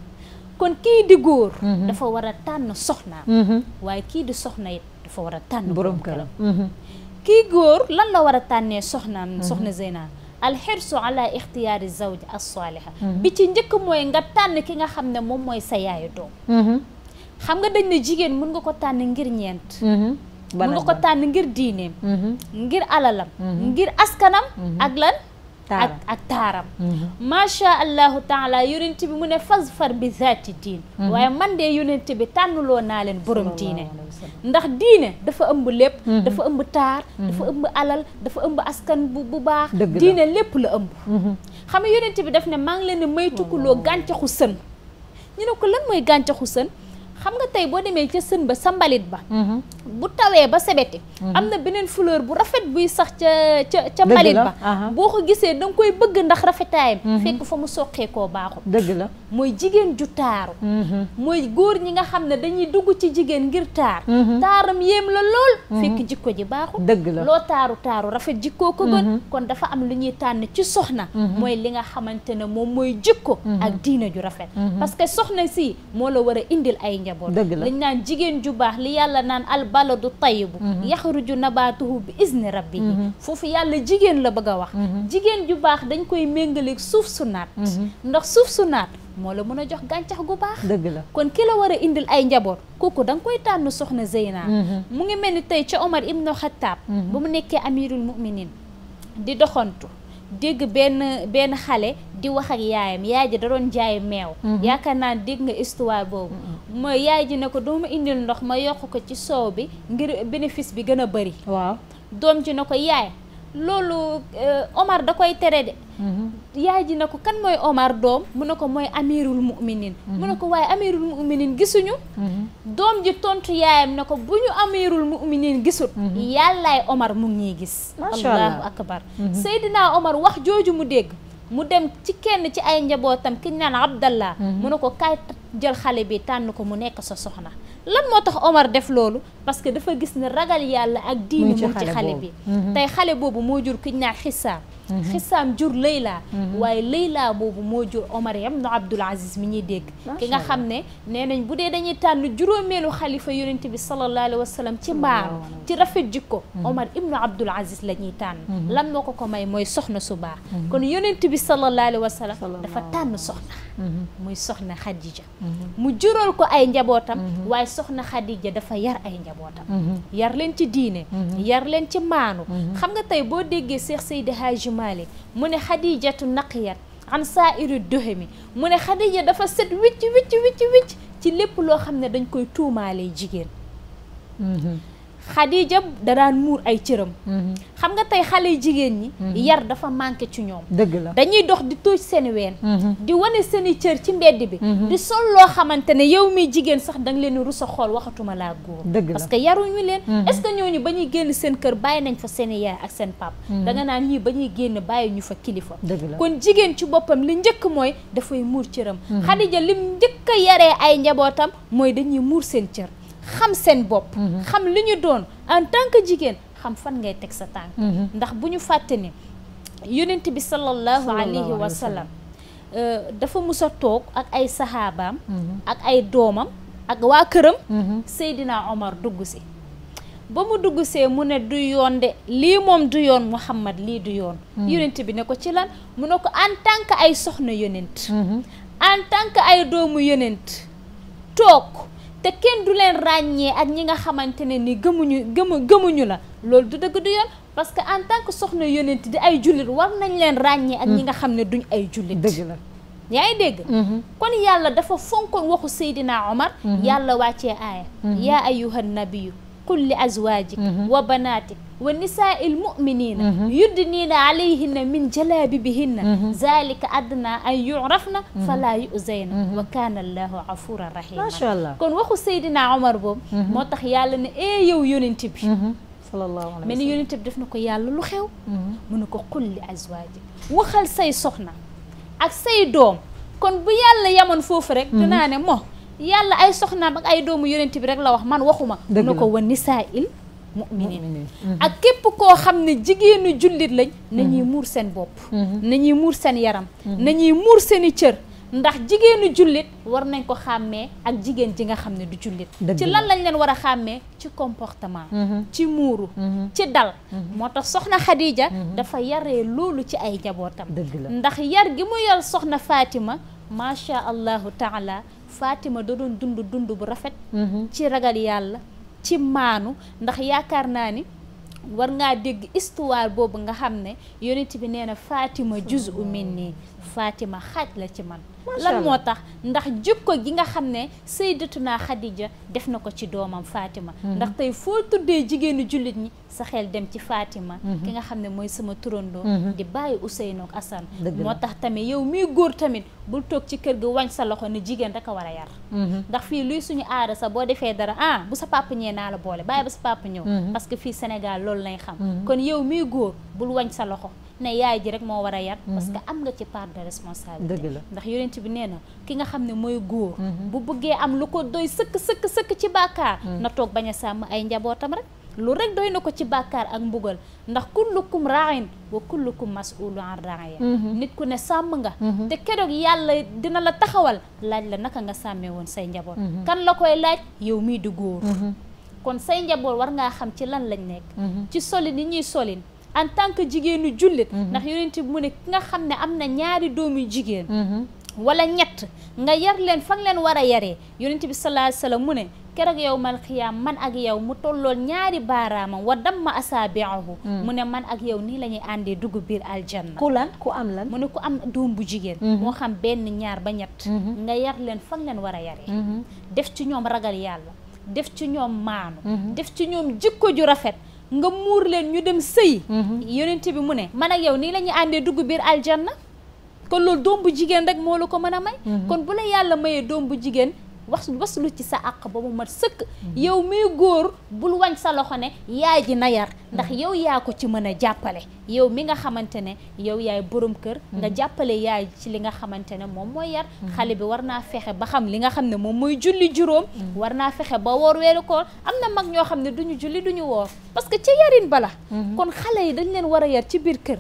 kon kii di góor dafa war a tànn soxnaam waaye kii di soxna it dafa war a tànn borom këram kii góor lan la war a tànnee soxnaam soxna Zeyna alxirsu ala ixtiyaari zawj as saaliha bi ci njëkk mooy nga tànn ki nga xam ne moom mooy sa yaayu doom xam nga dañ ne jigéen mën nga ko tànn ngir ñeent mën mhm. nga ko tànn ngir diineem mhm. ngir alalam mhm. ngir askanam ak lan ak ak taaram macha allahu taala yonent bi mu ne fas far bi zaati diin waaye man de yonent bi tànnuloo naa leen boroom diine ndax diine dafa ëmb lépp dafa ëmb taar dafa ëmb alal dafa ëmb askan bu bu baax diine lépp la ëmb xam nga yonent bi daf ne maa leen ne may tukkuloo gàncaxu sën ñu ne ko lan mooy gàncaxu sën xam nga tey boo demee ca sën ba sa mbalit ba mhm. bu tawee ba sebeti mhm. am na beneen fuleur bu rafet buy sax ca ca ca mbalit ba boo ko gisee da nga koy bëgg ndax rafetaayam mhm. fekk fa mu soqee koo baaxul dëgg la mooy jigéen ju taaru mooy góor ñi nga xam ne dañuy dugg ci jigéen ngir taar taaram yéem la lool fekk jikko ji baaxul dëgg la loo taaru taaru rafet jikkoo ko gën kon dafa am lu ñuy tànn ci soxna mooy li nga xamante ne moom mooy jikko ak diina ju rafet parce soxna si moo la war a indil ay la lañ naan jigéen ju baax li yàlla naan albaladu tayyibu mhm. yaxruju nabaatuhu bi izni rabbihi mhm. foofu yàlla jigéen la bëgg a wax mhm. jigéen ju baax dañ koy méngaleeg suuf su naat ndax suuf su naat moo la mën a jox gàncax gu baax dëgg la kon ki la war a indil ay njaboot kooku da nga koy tànn soxna Zeyna mu ngi mel ni tey ca Omar ibnu Xattaab ba mu nekkee amirul muminin di doxantu dégg benn benn xale di wax ak yaayam yaay ji da doon meew mhm. yaakaar naa dégg nga histoire boobu mhm. mooy yaay ji ne ko doo ma indil ndox ma yokk ko ci soow bi ngir bénéfice bi gën a bëri waaw doom ji ne ko yaay loolu euh, Omar da koy tere de. Mhm. yaay ji ne ko kan mooy Omar doom mu ne ko mooy amirul mu'minin mhm. mu ne ko waaye amirul mu'minin gisuñu. Mhm. doom ji tontu yaayam ne ko bu ñu amirul mu'minin gisul. yàllaay Omar mu ngi gis. macha allah allahu akbar. Omar wax jooju mu dégg. mu dem ci kenn ci ay njabootam ki ñu naan Abdallah. mu ne ko kaay jël xale bi tànn ko mu nekk sa soxna. lan moo tax Omar def loolu parce que dafa gis ne ragal yàlla ak diini mu ci xale bi mhm. tey xale boobu moo jur kiñ naa xisaam mhm. xisaam jur Layla mhm. waaye Layla boobu moo jur Omar yam nu Abdul Aziz mi ñuy dégg ki nga xam ne nee nañ bu dee dañuy tànn juróomeelu xalifa yonent bi sallallahu alayhi wa ci mbaax ci rafet jikko Omar ibnu Abdul Aziz la ñuy tànn lan moo ko ko may mooy soxna su baax kon yonent bi sallallahu alayhi wa sallam dafa tànn soxna Mm-hmm. muy soxna Khadija. Mm-hmm. mu jural ko ay njabootam. Mm-hmm. waaye soxna Khadija dafa yar ay njabootam. yar leen ci diine. yar leen ci maanu. xam nga tey boo déggee Cheikh Seydi Hadji Malick mu ne Khadijatu naqiyat an saa iri doxe mi mu ne Khadija dafa set wicc wicc wicc wicc ci lépp loo xam ne dañ koy tuumaalee jigéen. Khadija da daan muur ay cëram. Mhm. xam nga tey xale jigéen ñi. Mhm. yar dafa manqué ci ñoom. dëgg la dañuy dox di tuuj seen ween. Mhm. di wane seen i cër ci mbedd bi. di sol loo xamante ne yow mi jigéen sax danga leen rus a xool waxatuma laa góor. dëgg la parce yaruñu leen. est-ce que ñooñu ba ñuy génn seen kër bàyyi nañ fa seen i yaay ak seen pap danga naan ñii ba ñuy génn bàyyi ñu fa kilifa. dëgg la kon jigéen ci boppam li njëkk mooy dafay muur cëram. Khadija lim njëkk yare ay njabootam mooy dañuy muur seen cër. xam seen bopp. Mhm. xam li ñu doon en tant que jigéen xam fan ngay teg sa tànk. Mhm. ndax bu ñu fàttee ni yonent bi sallallahu alayhi wa sallam euh, dafa mus a toog ak ay saxaabaam. Mhm. ak ay doomam ak waa këram. Seydina Omar dugg si. ba mu dugg see mu ne du yoon de lii moom du yoon Muhammad lii du yoon. yonent bi ne ko ci lan mu ne ko en tant que ay soxna yonent. en tant que ay doomu yonent toog. te kenn du leen ràññee ak ñi nga xamante ne ni gëmuñu gëmu gëmuñu la loolu du dëgg du yoon parce que en tant que soxna yonent di ay jullit war nañ leen ràññee ak ñi mm. nga xam ne duñ ay jullit dëgg la yaa ngi dégg mm-hmm. kon yàlla dafa fonkoon waxu Seydina Omar mm-hmm. yàlla wàccee aaya mm-hmm. yaa ayyuhan nabiyyu qul li azwaajik mhm. wa banaatik wa nisaa'il mu'miniina mhm. yudniina alayhinna min jalaabibihinna mhm. zaalika adnaa an yu'rafna falaa yu'zayna wa kaana allaahu gafuuran rahiima macha allah kon waxu Seydina Omar boobu moo tax yàlla ne ee yow yonent bi sallallahu alayhi wa sallam mais ni yonent bi def na ko yàlla lu xew mu ne ko qul li azwaajik waxal say soxna ak say doom kon bu yàlla yamoon foofu rek dinaa ne mo yàlla ay soxnaam ak ay doomu yonent bi rek la wax man waxuma na ko wan nisaa il ak képp koo xam ne jigéenu jullit lañ ñuy mm-hmm. muur seen bopp mm-hmm. ñuy muur seen yaram mm-hmm. nañuy muur seeni cër ndax jigéenu jullit war nañ ko xàmmee ak jigéen ji nga xam ne du jullit ci lan lañ leen war a xàmmee ci comportement ci muuru ci dal moo tax soxna Xadija dafa yare loolu ci ay njabootam ndax yar gi mu yar soxna Fatima macha allahu taala Fatima da doon dund dund bu rafet. Mhm. ci ragal yàlla ci maanu ndax yaakaar naa ni. war ngaa dégg histoire boobu nga xam ne yonent bi nee na Fatima juz u min nii Fatima xaaj la ci man lan moo tax ndax ko gi nga xam ne Sayyidatuna Khadija def na ko ci doomam Fatima mhm. ndax tey foo tuddee jigéenu jullit ñi sa xel dem ci Fatima mhm. ki nga xam ne mooy sama turandoo mhm. di bàyyi Ousseynou ak Assane moo tax tamit yow miy góor tamit bul toog ci kër gi wañ sa loxo ne jigéen rek a war a yar ndax fii luy suñu aada sa boo defee dara ah bu sa papa ñëwee naa la boole bàyyi ba sa papa ñëw parce que fii Sénégal loolu lay xam kon yow miy góor bul wañ sa loxo ne yaay ji rek moo war a yar mhm. parce que am nga ci part de responsabilité dëgg la ndax yonent bi nee na ki nga xam ne mooy góor mhm. bu bëggee am lu ko doy sëkk sëkk sëkk ci bàkkaar mhm. na toog bañ a sàmm ay njabootam rek lu rek doy na ko ci bàkkaar ak mbugal ndax kullukum raain wa kullukum mas'ulun an raaya nit ku ne sàmm nga te keroog yàlla dina la taxawal laaj la naka nga sàmmee woon say njaboot kan la koy laaj yow muy di góor kon say njaboot war ngaa xam ci lan lañ nekk ci solin yi ñuy solin en tant que jigéenu jullit mhm. ndax yonent bi mu ne nga xam ne am na ñaari doomi jigéen mhm. wala ñett nga yar leen fa leen war a yaree yonent bi sallallahu alayhi mu ne keroog yow mal xiyaam man ak yow mu tollool ñaari baaraamam wa damma asaabiahu mm. mu ne man ak yow nii lañuy àndee dugub biir aljanna ku lan ku am lan mu ne ku am doom bu jigéen mm-hmm. moo xam benn ñaar ba ñett mm-hmm. nga yar leen fa leen war a yaree mm-hmm. def ci ñoom ragal yàlla def ci ñoom maanu def ci ñoom jikko ju rafet nga muur leen ñu dem sëy mhm. ti bi mu ne mën a yow nii lañuy àndee dugg biir aljanna kon loolu doom bu jigéen rek moo la ko mën a may mhm. kon bu la yàlla mayee doom bu jigéen wax lu ci sa àq ba mu mat sëkk yow muy góor bul wañ sa loxo ne yaay ji na yar ndax yow yaa ko ci mën a jàppale yow mi nga xamante ne yow yaay borom kër nga jàppale yaay ci li nga xamante ne moom mooy yar xale bi war naa fexe ba xam li nga xam ne moom mooy julli juróom war naa fexe ba woor weeru koor am na mag ñoo xam ne du ñu julli du ñu woor parce que ci yarin bala kon xale yi dañ leen war a yar ci biir kër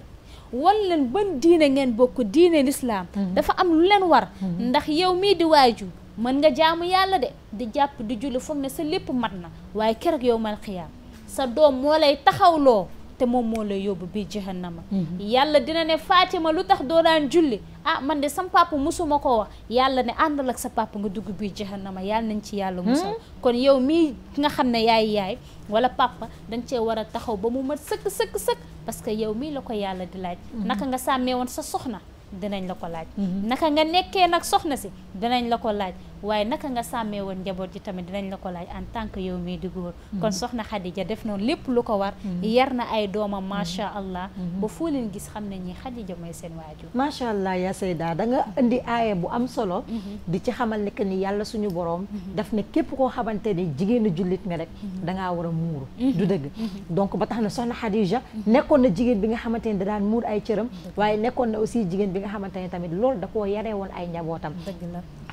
wan leen ban diine ngeen bokk diine lislaam hmm. dafa am lu war hmm. ndax yow mii di waaju mën nga jaamu yàlla de di jàpp di julli foog na sa lépp mat na waaye keroog yow mal xiyaam sa doom moo lay taxawloo te moom moo lay yóbbu biir jahannama mm-hmm. yàlla dina ne Fatima lu tax doo daan julli ah man de sam papa musuma ko wax yàlla ne àndal ak sa papa nga dugg biir jahannama yàlla nañ ci yàlla musal hmm? kon yow mii nga xam ne yaay yaay wala papa dañ cee war a taxaw ba mu mat sëkk sëkk sëkk parce que yow mii la ko yàlla di laaj mm-hmm. naka nga sàmmee woon sa soxna dinañ la ko laaj mm-hmm. naka nga nekkee nag soxna si dinañ la ko laaj waaye naka nga sàmmee woon njaboot ji tamit dinañ la ko laaj en tant que yow mii di góor mm-hmm. kon soxna Khadija def noonu lépp lu ko war mm-hmm. yar na ay doomam mm-hmm. macha allah ba foo leen gis xam ne ñi Khadija mooy seen waajur macha allah yaa Seyda indi aaye bu am solo di ci xamal ne que ni yàlla suñu borom daf ne képp koo xamante ni jigéenu jullit nga rek dangaa war a muuru du dëgg donc ba tax na soxna Khadija nekkoon na jigéen bi nga xamante ni da daan muur ay cëram waaye nekkoon na aussi jigéen bi nga xamante ni tamit loolu da koo yaree woon ay njabootam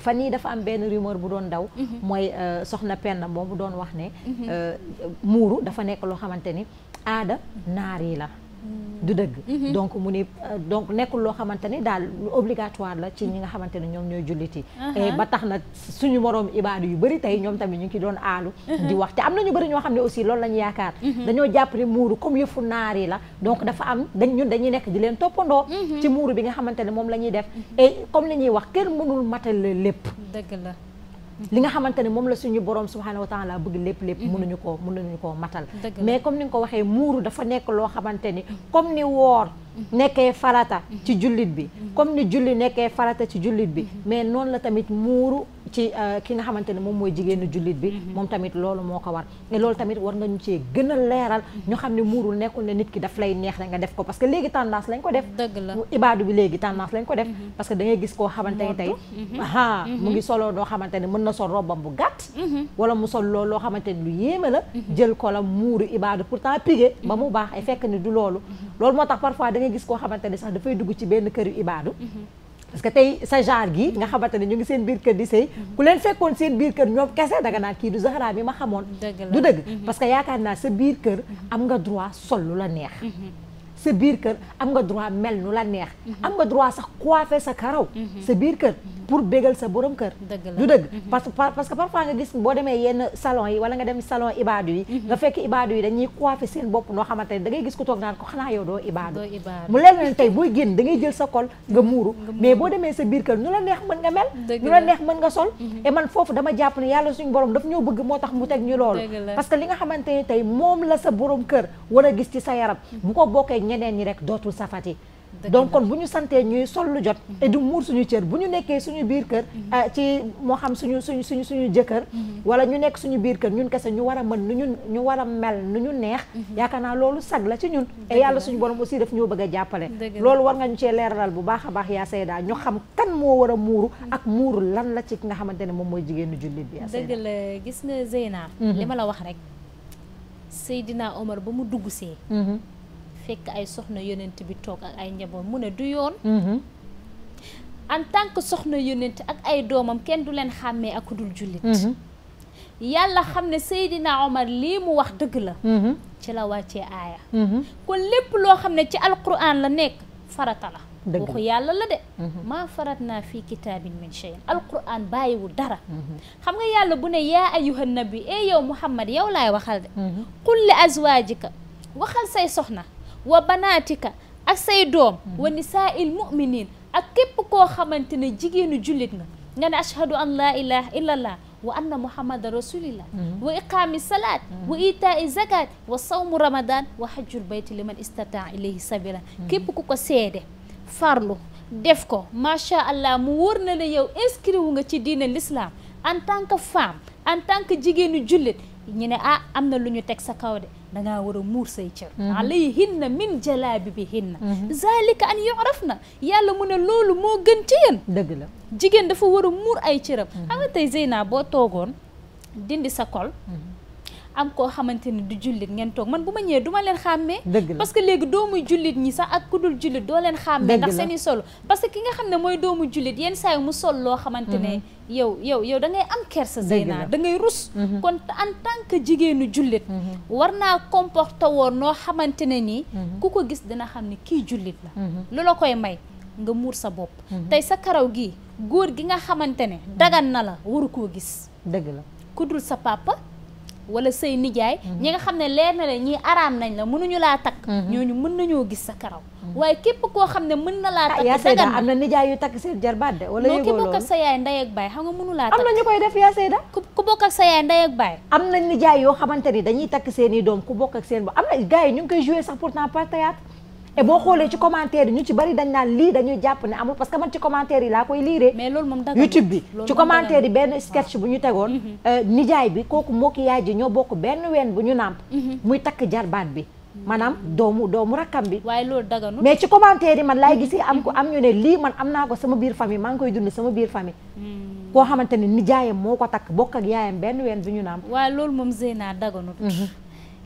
fan yii dafa am benn rumeur bu doon daw. Mhm. mooy euh, soxna Penda mu doon wax ne. Mhm. Euh, muuru dafa nekk loo xamante ni aada naar yi la. du dëgg. Mm-hmm. donc mu ni euh, donc nekkul loo xamante ni daal lu obligatoire la ci ñi nga xamante ne ñoom ñooy julliti. Uh-huh. et ba tax na suñu moroom ibaadu yu bëri tey ñoom tamit ñu ngi ci doon aalu. Uh-huh. di wax te am na ñu bëri ñoo xam ne aussi loolu la yaakaar. Mm-hmm. dañoo jàpp ni muuru comme yëfu naar yi la donc dafa am dañ ñun dañuy nekk di leen toppandoo. Mm-hmm. ci muuru bi nga xamante ne moom la ñuy def. et comme li ñuy wax kenn mënul matal lépp. dëgg la. li nga xamante ne moom la suñu borom subhanahu wa taala bëgg lépp lépp mhm. mënuñu koo mënuñu koo matal mais comme ni nga ko waxee muuru dafa nekk loo xamante ni comme ni woor nekkee farata ci jullit bi comme julli nekkee farata ci jullit bi mais noonu la tamit muuru ci euh, ki nga xamante ne moom mooy jigéenu jullit bi moom tamit loolu moo ko war loolu tamit war nga ñu cee gën a leeral ñu xam ne muurul nekkul ne nit ki daf lay neex rek nga def ko parce que léegi tendance lañ ko def dëgg la ibaadu bi léegi tendance lañ ko def mhm. parce que da ngay gis koo xamante ne tey mhm. aa mhm. mu ngi soloo doo xamante ne mën na sol robam bu gàtt wala mu sol loolu loo xamante ne lu yéeme la jël ko la muuru ibaadu pourtant pigé ba mu baax ay fekk ni du loolu nga gis koo xamante ne sax dafay dugg ci benn kër këru ibaadu mhm. parce que tey sa genre gi nga xamante ne ñu ngi seen biir kër di sëy mhm. ku leen fekkoon seen biir kër ñoom kese danga naan kii du Zahra bi ma xamoon du dëgg mhm. parce que yaakaar naa sa biir kër am nga droit sol lu la neex sa biir kër am nga droit mel nu la neex. Mhm. am nga droit sax coiffer sa karaw. Mhm. sa biir kër mhm. pour bégal sa borom kër. du dëgg parce que parce que parfois nga gis boo demee yenn salon yi wala nga dem salon ibaadu yi. nga fekk ibaadu yi dañuy coiffer seen bopp noo xamante ne da ngay gis ku toog naan ko xanaa yow doo ibaadu. mu leer na tey booy génn da ngay jël sa kol nga muuru. mais boo demee sa biir kër nu la neex mën nga mel. nu la neex mën nga sol. et foofu dama jàpp moo tax mu teg ñu loolu. parce ne tey moom la sa a gis ñeneen ñi rek dootul safati donc kon bu ñu santee ñuy sol lu jot mm-hmm. te du muur suñu cër bu ñu nekkee suñu biir kër mm-hmm. ah, ci moo xam suñu suñu suñu suñu jëkkër mm-hmm. wala ñu nekk suñu biir kër ñun kese ñu war a mën nu ñu ñu war a mel nu ñu neex yaakaar naa loolu sag la ci ñun et yàlla suñu borom aussi daf ñoo bëgg a jàppale loolu war nga ñu cee bu baax a baax yaa Seyda ñu xam kan moo war a muuru ak muuru lan la ci nga xamante ne moom mooy jigéenu jullit bi yaa Seyda dëgg la gis nga Zeyna li ma la wax rek Seydina ba mu dugg see fekk ay soxna yonent bi toog ak ay njaboot mu ne du yoon mhm. en tant que soxna yonent ak ay doomam kenn du leen xàmmee ak ku dul jullit mhm. yàlla xam ne Seydina Omar lii mu wax dëgg la mhm. ci la wàccee aaya kon lépp loo xam ne ci alquran la nekk farata la ko yàlla la de maa farat naa fii kitaabin min cheyin alquran bàyyiwul dara xam nga yàlla bu ne yaa ayuha nabi e yow muhammad yow laay waxal de qul li azwaajika waxal say soxna wa banaatika ak say doom hmm. wa nisaa'il mu'minin ak képp koo xamante ne jigéenu jullit nga nga ne ashhadu an laa ilaha illallah wa anna muhammadan rasulillah hmm. wa iqaami salaat hmm. wa itaa'i zakat wa sawmu ramadan wa hajjul bayti liman istataa ilayhi sabila képp ku ko seede farlu def ko macha allah mu wóor na la yow inscrit wu nga ci diin l'islam en tant que femme en tant que jigéenu jullit ñu ne ah am na lu ñu teg sa kaw de dangaa war a muur say cër mhm. alayhinna min jalaabi bi hinna mhm. zalika an yoraf na yàlla mu ne loolu moo gën ci yéen dëgg la jigéen dafa war a muur ay cëram mhm. xam nga tey Zeyna boo toogoon dindi sa kol am koo xamante ni du jullit ngeen toog man bu ma ñëwee du ma leen xàmmee parce que léegi doomu jullit ñi sax ak ku dul jullit doo leen xàmmee ndax seeni solo parce que ki nga xam ne mooy doomu jullit yenn saa yi mu sol loo xamante ne mhm. yow yow yow da ngay am kersa Zeyna da ngay rus mhm. kon am tant jigéenu jullit mhm. war naa comporté woon noo xamante ne nii ku ko gis dina xam ne kii jullit la lu la koy may nga muur sa bopp tey sa karaw gi góor gi nga xamante ne dagan na la waru koo gis dëgg la ku dul sa papa wala say nijaay mhm. ñi nga xam ne leer na la ñii araam nañ la mënuñu laa takk mhm. ñooñu mën nañoo gis sa karaw mhm. waaye képp koo xam ne mën na laa takk dagan am na nijaay yu takk seen jarbaat de wala non ki bokk sa yaay ndey ak baay xam nga am na ñu koy def yaa ku bokk ak sa yaay ndey ak baay am na nijaay yoo xamante ni dañuy takk seeni i doom ku bokk ak seen bo am na gars yi ñu ngi koy joué sax pourtant par théâtre et boo xoolee ci commentaire yi ñu bari dañ naan lii dañuy jàpp ne amul parce que man ci commentaire yi laa koy liiree mais loolu moom dagg youtube bi ci commentaire yi benn sketch bu ñu tegoon mm-hmm. euh, nijaay bi kooku moo ki yaay ji ñoo bokk benn ween bu ñu nàmp mm-hmm. muy takk jarbaat bi maanaam doomu doomu rakkam bi waaye loolu daganu mais ci commentaire yi man laay gisee am ko mm-hmm. am ñu ne lii man am naa ko sama biir famille maa ngi koy dund sama biir famille mm. koo xamante ne nijaayam moo ko takk bokk ak yaayam benn ween bu ñu nàmp waaye loolu moom Zeyna daganut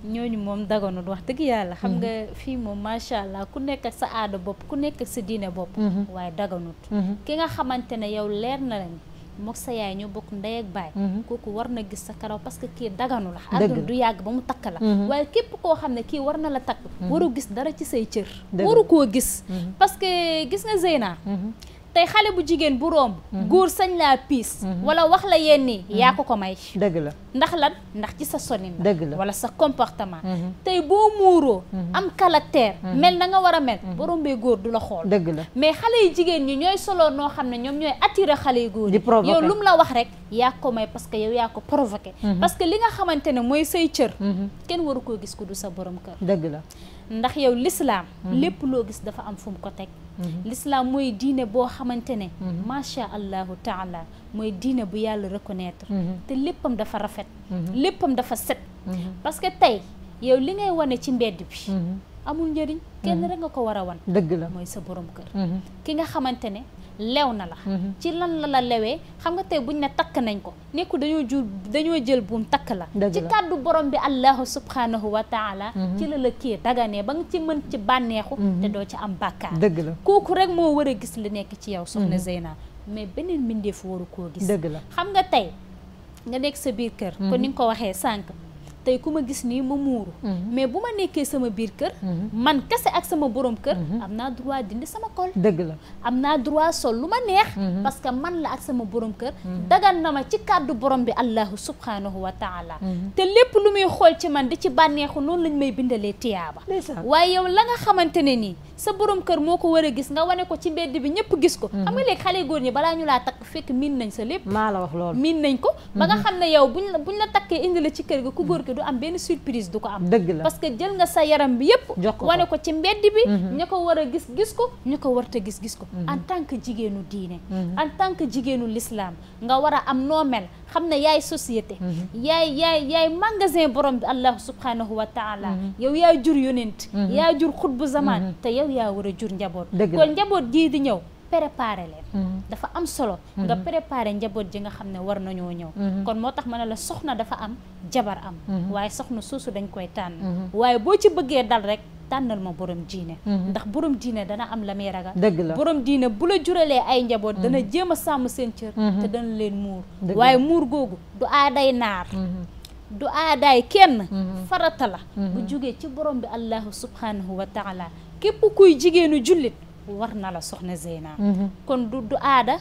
ñooñu moom daganul wax dëgg yàlla xam mhm. nga fii moom macha allah ku nekk ak sa aada bopp ku nekk ak sa diine bopp mhm. waaye daganut mhm. ki nga xamante ne yow leer na lañ mook sa yaay ñoo bokk ndey ak baay kooku war na gis sa karaw parce que kii daganu la àdduna du yàgg ba mu takk la waaye képp koo xam ne kii war na la takk waru gis dara ci say cër waru koo gis parce gis nga Zeyna tey xale bu jigéen bu romb mhm. góor sañ laa piis mhm. wala wax la yenn nii mhm. yaa ko ko may dëgg la ndax lan ndax ci sa sonin dëgg la wala sa comportement tey boo muuroo am caractère mel na nga war a mel bu rombee góor du la xool dëgg la mais xale yu jigéen ñi ñooy soloo noo xam ne ñoom ñooy attiré xale yu góor yi yow lu mu la wax rek yaa ko may parce que yow yaa ko provoqué parce que li nga xamante ne mooy say cër kenn waru koo gis ku du sa borom kër dëgg la ndax yow lislaam mhm. lépp loo gis dafa am fu mu ko teg mhm. lislaam mooy diine boo xamante ne mhm. macha allahu taala mooy diine bu yàlla reconnaître te léppam dafa rafet léppam dafa set parce que tey yow li ngay wane ci mbedd bi amul njëriñ kenn rek nga ko war a wan dëgg la mooy sa borom kër ki nga xamante ne lew na la mm-hmm. ci lan la la lewee xam nga tey buñ ne takk nañ ko nekku dañoo jur dañoo jël buum takk la ci kàddu borom bi allahu subhanahu wa taala mm-hmm. ci la la kii daganee ba nga ci mën ci bànneexu mm-hmm. te doo ci am bàkkaar dëgg la kooku rek moo war a gis li nekk ci yow soxna Zeyna mais beneen fu waru koo gis dëgg la xam nga tey nga nekk sa biir kër kon ni nga ko waxee sànq tey ku ma gis nii ma muuru mhm. mais bu ma nekkee sama biir kër mhm. man kese ak sama borom kër mhm. am naa droit dindi sama kol dëgg la am naa droit sol lu ma neex parce que man la ak sama borom kër dagan na ma ci kàddu borom bi allahu subhanahu wa taala te lépp lu muy xool ci man di ci bànneexu noonu lañu may bindalee tiyaaba waaye yow la nga xamante ne nii sa borom kër moo ko war a gis nga wane ko ci mbedd bi ñëpp gis ko xam nga léegi xale góor ñi balaa ñu laa takk fekk miin nañ sa lépp maa la wax loolu miin nañ ko ba nga xam ne yow buñ buñ la takkee indi la ci kër ga ku góor ki du am benn surprise du ko am dëgg la parce que jël nga sa yaram bi yëpp wane ko ci mbedd bi mhm. ña ko war a gis gis ko ña ko war te gis gis ko mhm. en tant que jigéenu diine mhm. en tant que jigéenu lislaam nga war a am noo mel xam ne yaay société yaay yaay yaay magasin borom bi allah subhanahu wa taala yow yaa jur yonent yaa jur xutbu zamaan te yow yaa war a jur njaboot kon njaboot jii di ñëw préparer leen mm-hmm. dafa am solo mm-hmm. nga préparer njaboot ji nga xam ne war nañoo ñëw mm-hmm. kon moo tax ma ne la soxna dafa am jabar am waaye soxna suusu dañ koy tànn waaye boo ci bëggee dal rek tànnal ma borom diine ndax borom diine dana am la muy ragal dëgg la borom diine bu la juralee ay njaboot dana jéem a sàmm seen cër te dana leen muur waaye muur googu du aaday naar du aadaay kenn farata la bu jógee ci borom bi allahu subhanahu wa taala képp kuy jigéenu jullit war na la soxna Zeyna. Mm-hmm. kon du du aada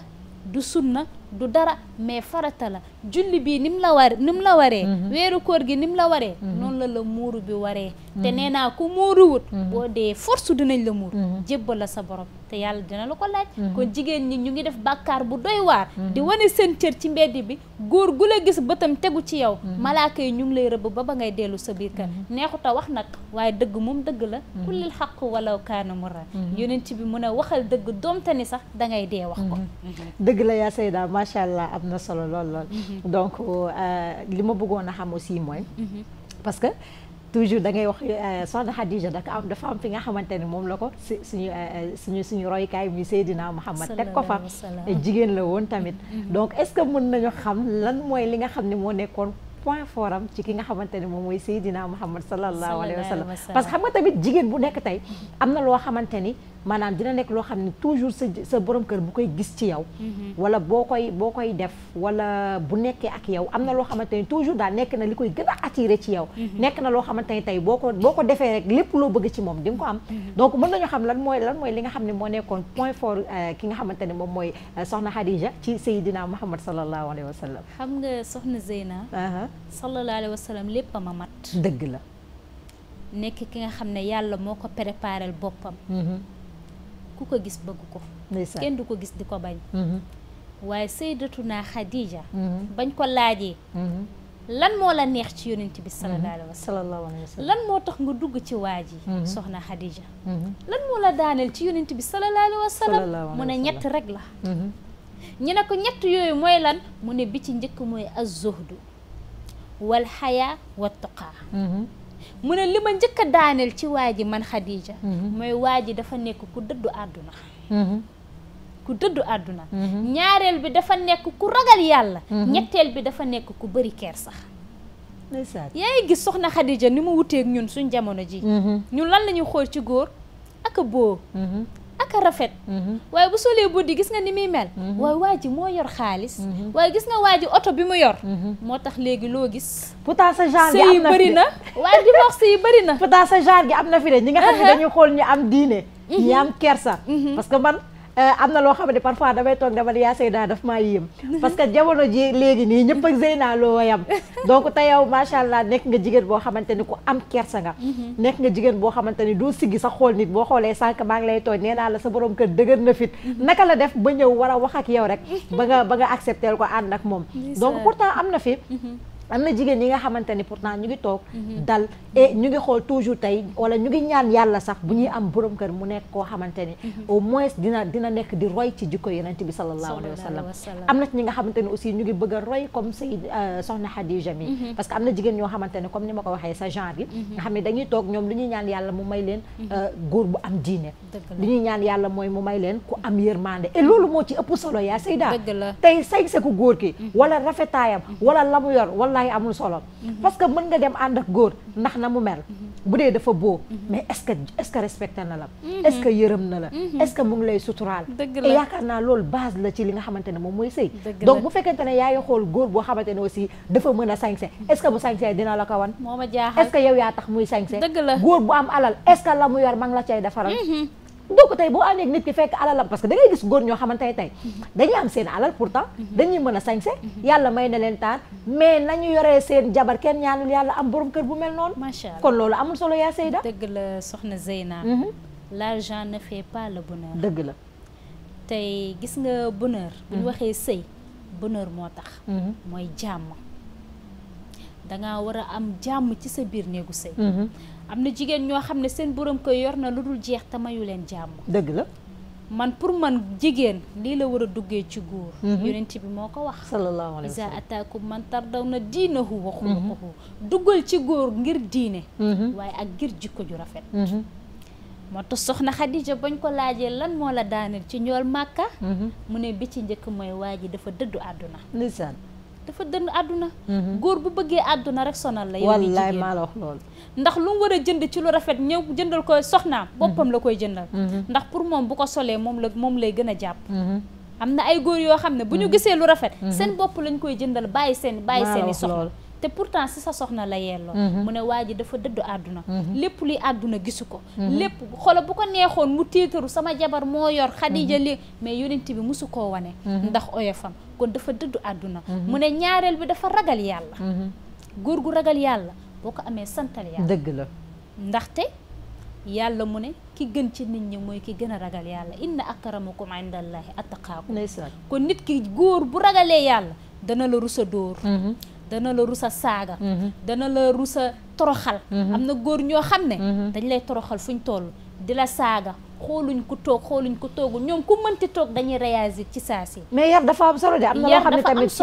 du sunna du dara mais farata la julli bii ni mu la war ni mu la waree mhm. weeru koor gi ni mu la waree mhm. noonu la la muuru bi waree mhm. te nee naa ku muuruwut boo dee force dinañ la muur jébbal la sa borom te yàlla dina la ko laaj kon jigéen ñi ñu ngi def bàkkaar bu doy waar di wane seen cër ci mbedd bi góor gu la gis bëtam tegu ci yow malaaka yi ñu ngi lay rëbb ba ba ngay dellu sa biir kër neexuta wax nag waaye dëgg moom dëgg la kullil xaq walaw kaana murra yonent bi mun a waxal dëgg doom sax da ngay dee wax ko la yaa Seyda macha allah am na solo lool lool. Mm-hmm. donc euh, li ma bëggoon a xam aussi mooy. Mm-hmm. parce que toujours da ngay wax euh, soxna Xadija da am dafa am fi nga xamante ne moom la ko si suñu euh, suñu suñu roykaay mi Seydina Muhammad teg ko fa jigéen la woon tamit. Mm-hmm. donc est-ce que mën nañu xam lan mooy li nga xam ne moo nekkoon. point fort am ci ki nga xamante ne moom mooy Seydina Muhammad sallallahu alayhi wa sallam parce que xam nga tamit jigéen bu nekk tey am na loo xamante ni maanaam dina nekk loo xam ne toujours sa sa borom kër bu koy gis ci yow. Mhm. wala boo koy boo koy def wala bu nekkee ak yow am na loo xamante ne toujours daa nekk na li koy gën a attiré ci yow. Mhm. nekk na loo xam ne tey boo ko boo ko defee rek lépp loo bëgg ci moom di nga ko am. Mhm. donc mën nañu xam lan mooy lan mooy li nga xam ne moo nekkoon point fort euh, ki nga xamante ne moom mooy euh, soxna Khadija ci Seydina Muhammad sallallahu alayhi wa sallam. xam nga soxna Zeyna. Uh-huh. sallallahu alayhi wa sallam lépp a ma mat. dëgg la. nekk ki nga xam ne yàlla moo ko préparé boppam. Mm-hmm. ku ko gis bëgg ko kenn du ko gis di ko bañ mm-hmm. waaye sayyidatuna Khadija mm-hmm. bañ ko laajee mm-hmm. lan moo la neex ci yonent bi sallallahu alayhi wa sallam lan moo tax nga dugg ci waa ji soxna Khadija lan moo la daaneel ci yonent bi sallallahu alayhi wa sallam mu ne ñett rek la ñu ne ko ñett yooyu mooy lan mu ne bi ci njëkk mooy az-zuhdu wal haya wa tuqaa mu ne li ma njëkk a daaneel ci waa ji man Khadija. Mhm. mooy waa ji dafa nekk ku dëddu àdduna. Mhm. ku dëddu àdduna. Mhm. ñaareel bi dafa nekk ku ragal yàlla. ñetteel bi dafa nekk ku bëri kersa. yaa ngi gis soxna Khadija ni ma wuteeg ñun suñ jamono ji ñun lan la ñuy xool ci góor ak boo. ak rafet mhm. waaye bu solee buddi gis nga ni muy mel mhm. waaye waa ji moo yor xaalis mhm. waaye gis nga waaj ji oto bi mu yor moo tax léegi loo gis pourtant sa genre gi am na bëri na waaye divorce yi bëri na pourtant sa genre gi am na fi de ñi nga xam ne dañuy xool ñu am diine ñi am kersa parce que man Eh, am na loo xam ne parfois damay toog dama ne yaa Seyda maa yéem parce que jamono ji léegi nii ñëpp ak Zeyna loo yam donc te yow macha allah nekk nga jigéen boo xamante ni ku am kersa nga mhm. nekk nga jigéen boo xamante ni doo siggi sax xool nit boo xoolee sànq maa ngi lay tooñ nee naa la sa borom kër dëgër na fit mhm. naka la def ba ñëw war a wax ak yow rek ba nga ba nga accepté ko ànd ak moom donc pourtant am na fi mhm. am na jigéen ñi nga xamante pour pourtant ñu ngi toog mhm. dal et ngi xool toujours tey wala ñu ngi ñaan yàlla sax bu ñuy am borom kër mu nekk koo xamante ni mhm. au moins dina dina nekk di roy ci jikko yonent bi sallallahu alayhi wa am na ci ñi nga xamante ni aussi a roy comme euh, mhm. na jigéen ñoo xamante ne comme ni ma ko waxee sa genre yi nga xam ne dañuy toog ñoom lu ñuy ñaan yàlla mu may leen euh, góor bu am diine lu ñuy ñaan yàlla mooy mu may leen ku am yërmande et loolu moo ci ëpp solo yaa sayda tey sañ sa ku góor ki wala wala la mu yor lay amul solo. parce que mën nga dem ànd góor ndax na mu mel. bu dee dafa boo mais est-ce que respecté na la. est-ce yërëm na la. est-ce que mu ngi lay suturaal. et yaakaar naa lool base la ci li nga xamante ne moom mooy sëy. donc bu fekkente ne yaa ngi xool góor xamante ne aussi dafa mën a sañse est-ce que bu sañse la ko wan. moo ma jaaxal est-ce que yow yaa tax muy góor bu am alal est la mu yor man la cay defaral. Mm-hmm. donc tey boo amee nit ki fekk alalam parce que da ngay gis góor ñoo xamante ne tey dañuy am seen alal pourtant mhm. dañuy mën a sañse yàlla may na leen taar mais na ñu yore seen jabar kenn ñaanul yàlla am borom kër bu mel noonu macha allah kon loolu amul solo yaa Seyda dëgg la soxna Zeyna mhm. l'argent ne fait pas le bonheur dëgg la tey gis nga bonheur bu mhm. waxee sëy boneur moo tax mooy jàmm dangaa war a am jàmm ci sa biir néegu sëy am na jigéen ñoo xam ne seen borom ko yor na lu dul jeex te mayu leen jàmm. dëgg la. man pour man jigéen lii la war a duggee ci góor mhm. yonent bi moo ko wax sallallahu alayhi wa sallam ataakum man tardaw na diinahu wa mhm. xuluquhu duggal ci góor ngir diine mhm. waaye ak ngir jikko ju rafet moo tax soxna Xadija bañ ko laajee lan moo la daaneel ci ñool màkka mu ne bi ci njëkk mooy waa ji dafa dëddu àdduna ndeysaan dafa dëdd àdduna góor bu bëggee àdduna rek sonal la yow wallaay maa la wax loolu ndax lu war a jënd ci lu rafet ñëw jëndal ko soxnaam mhm. boppam la koy jëndal mhm. ndax pour moom bu ko solee moom la moom lay gën a jàpp mhm. am na ay góor yoo xam ne bu ñu gisee lu rafet seen bopp lañ koy jëndal bàyyi seen bàyyi seeni soxla te pourtant si sa soxna la yelloo mu ne waa ji dafa dëddu àdduna lépp luy àdduna gisu ko lépp xolo bu ko neexoon mu tiitaru sama jabar moo yor xadija li mais yonent bi mosu koo wane ndax oyofam kon dafa dëddu àdduna mu ne ñaareel bi dafa ragal yàlla gu ragal yàlla boo ko amee santal yàlla dëgg la ndaxte yàlla mu ne ki gën ci nit ñi mooy ki gën a ragal yàlla akaramu inna akramakum indallahi attaqaakum kon nit ki góor bu ragalee yàlla dana la rusa dóor mm-hmm. dana la rusa saaga mm-hmm. dana la rusa toroxal mm-hmm. am na góor ñoo xam ne dañ lay toroxal fuñ toll di la saaga xooluñ ku toog xooluñ ku toogul ñoom ku mënti toog dañuy réagir ci saa si mais yar dafa am solo de am na loo xam ne tamit ci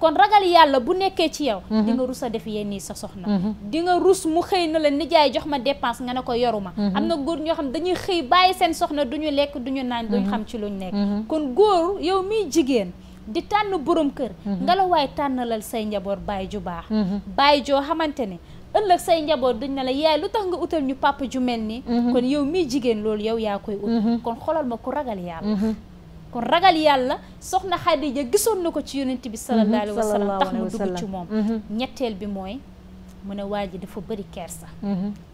kon ragal yàlla bu nekkee ci yow mhm. di nga rus a def yenn yi sa soxna mhm. di nga rus mu xëy na la nijaay jox ma dépense nga ne ko yoruma mhm. am na góor ñoo xam dañuy xëy bàyyi seen soxna duñu lekk duñu naan duñ xam ci luñ nekk kon góor yow mi jigéen di tànn borom kër ngelawaay la waaye tànnalal say njaboot bàyyi ju baax baay joo xamante ne ëllëg say njaboot dañ na la yaay lu tax nga utal ñu papa ju mel nii mhm. kon yow mii jigéen loolu yow yaa koy ut mhm. kon xolal ma ku ragal yàlla mhm. kon ragal yàlla soxna Xadija gisoon na ko ci yonent bi sallallahu alayhi wa sallam tax mu dugg ci moom ñetteel bi mooy mu ne waa ji dafa bari kersa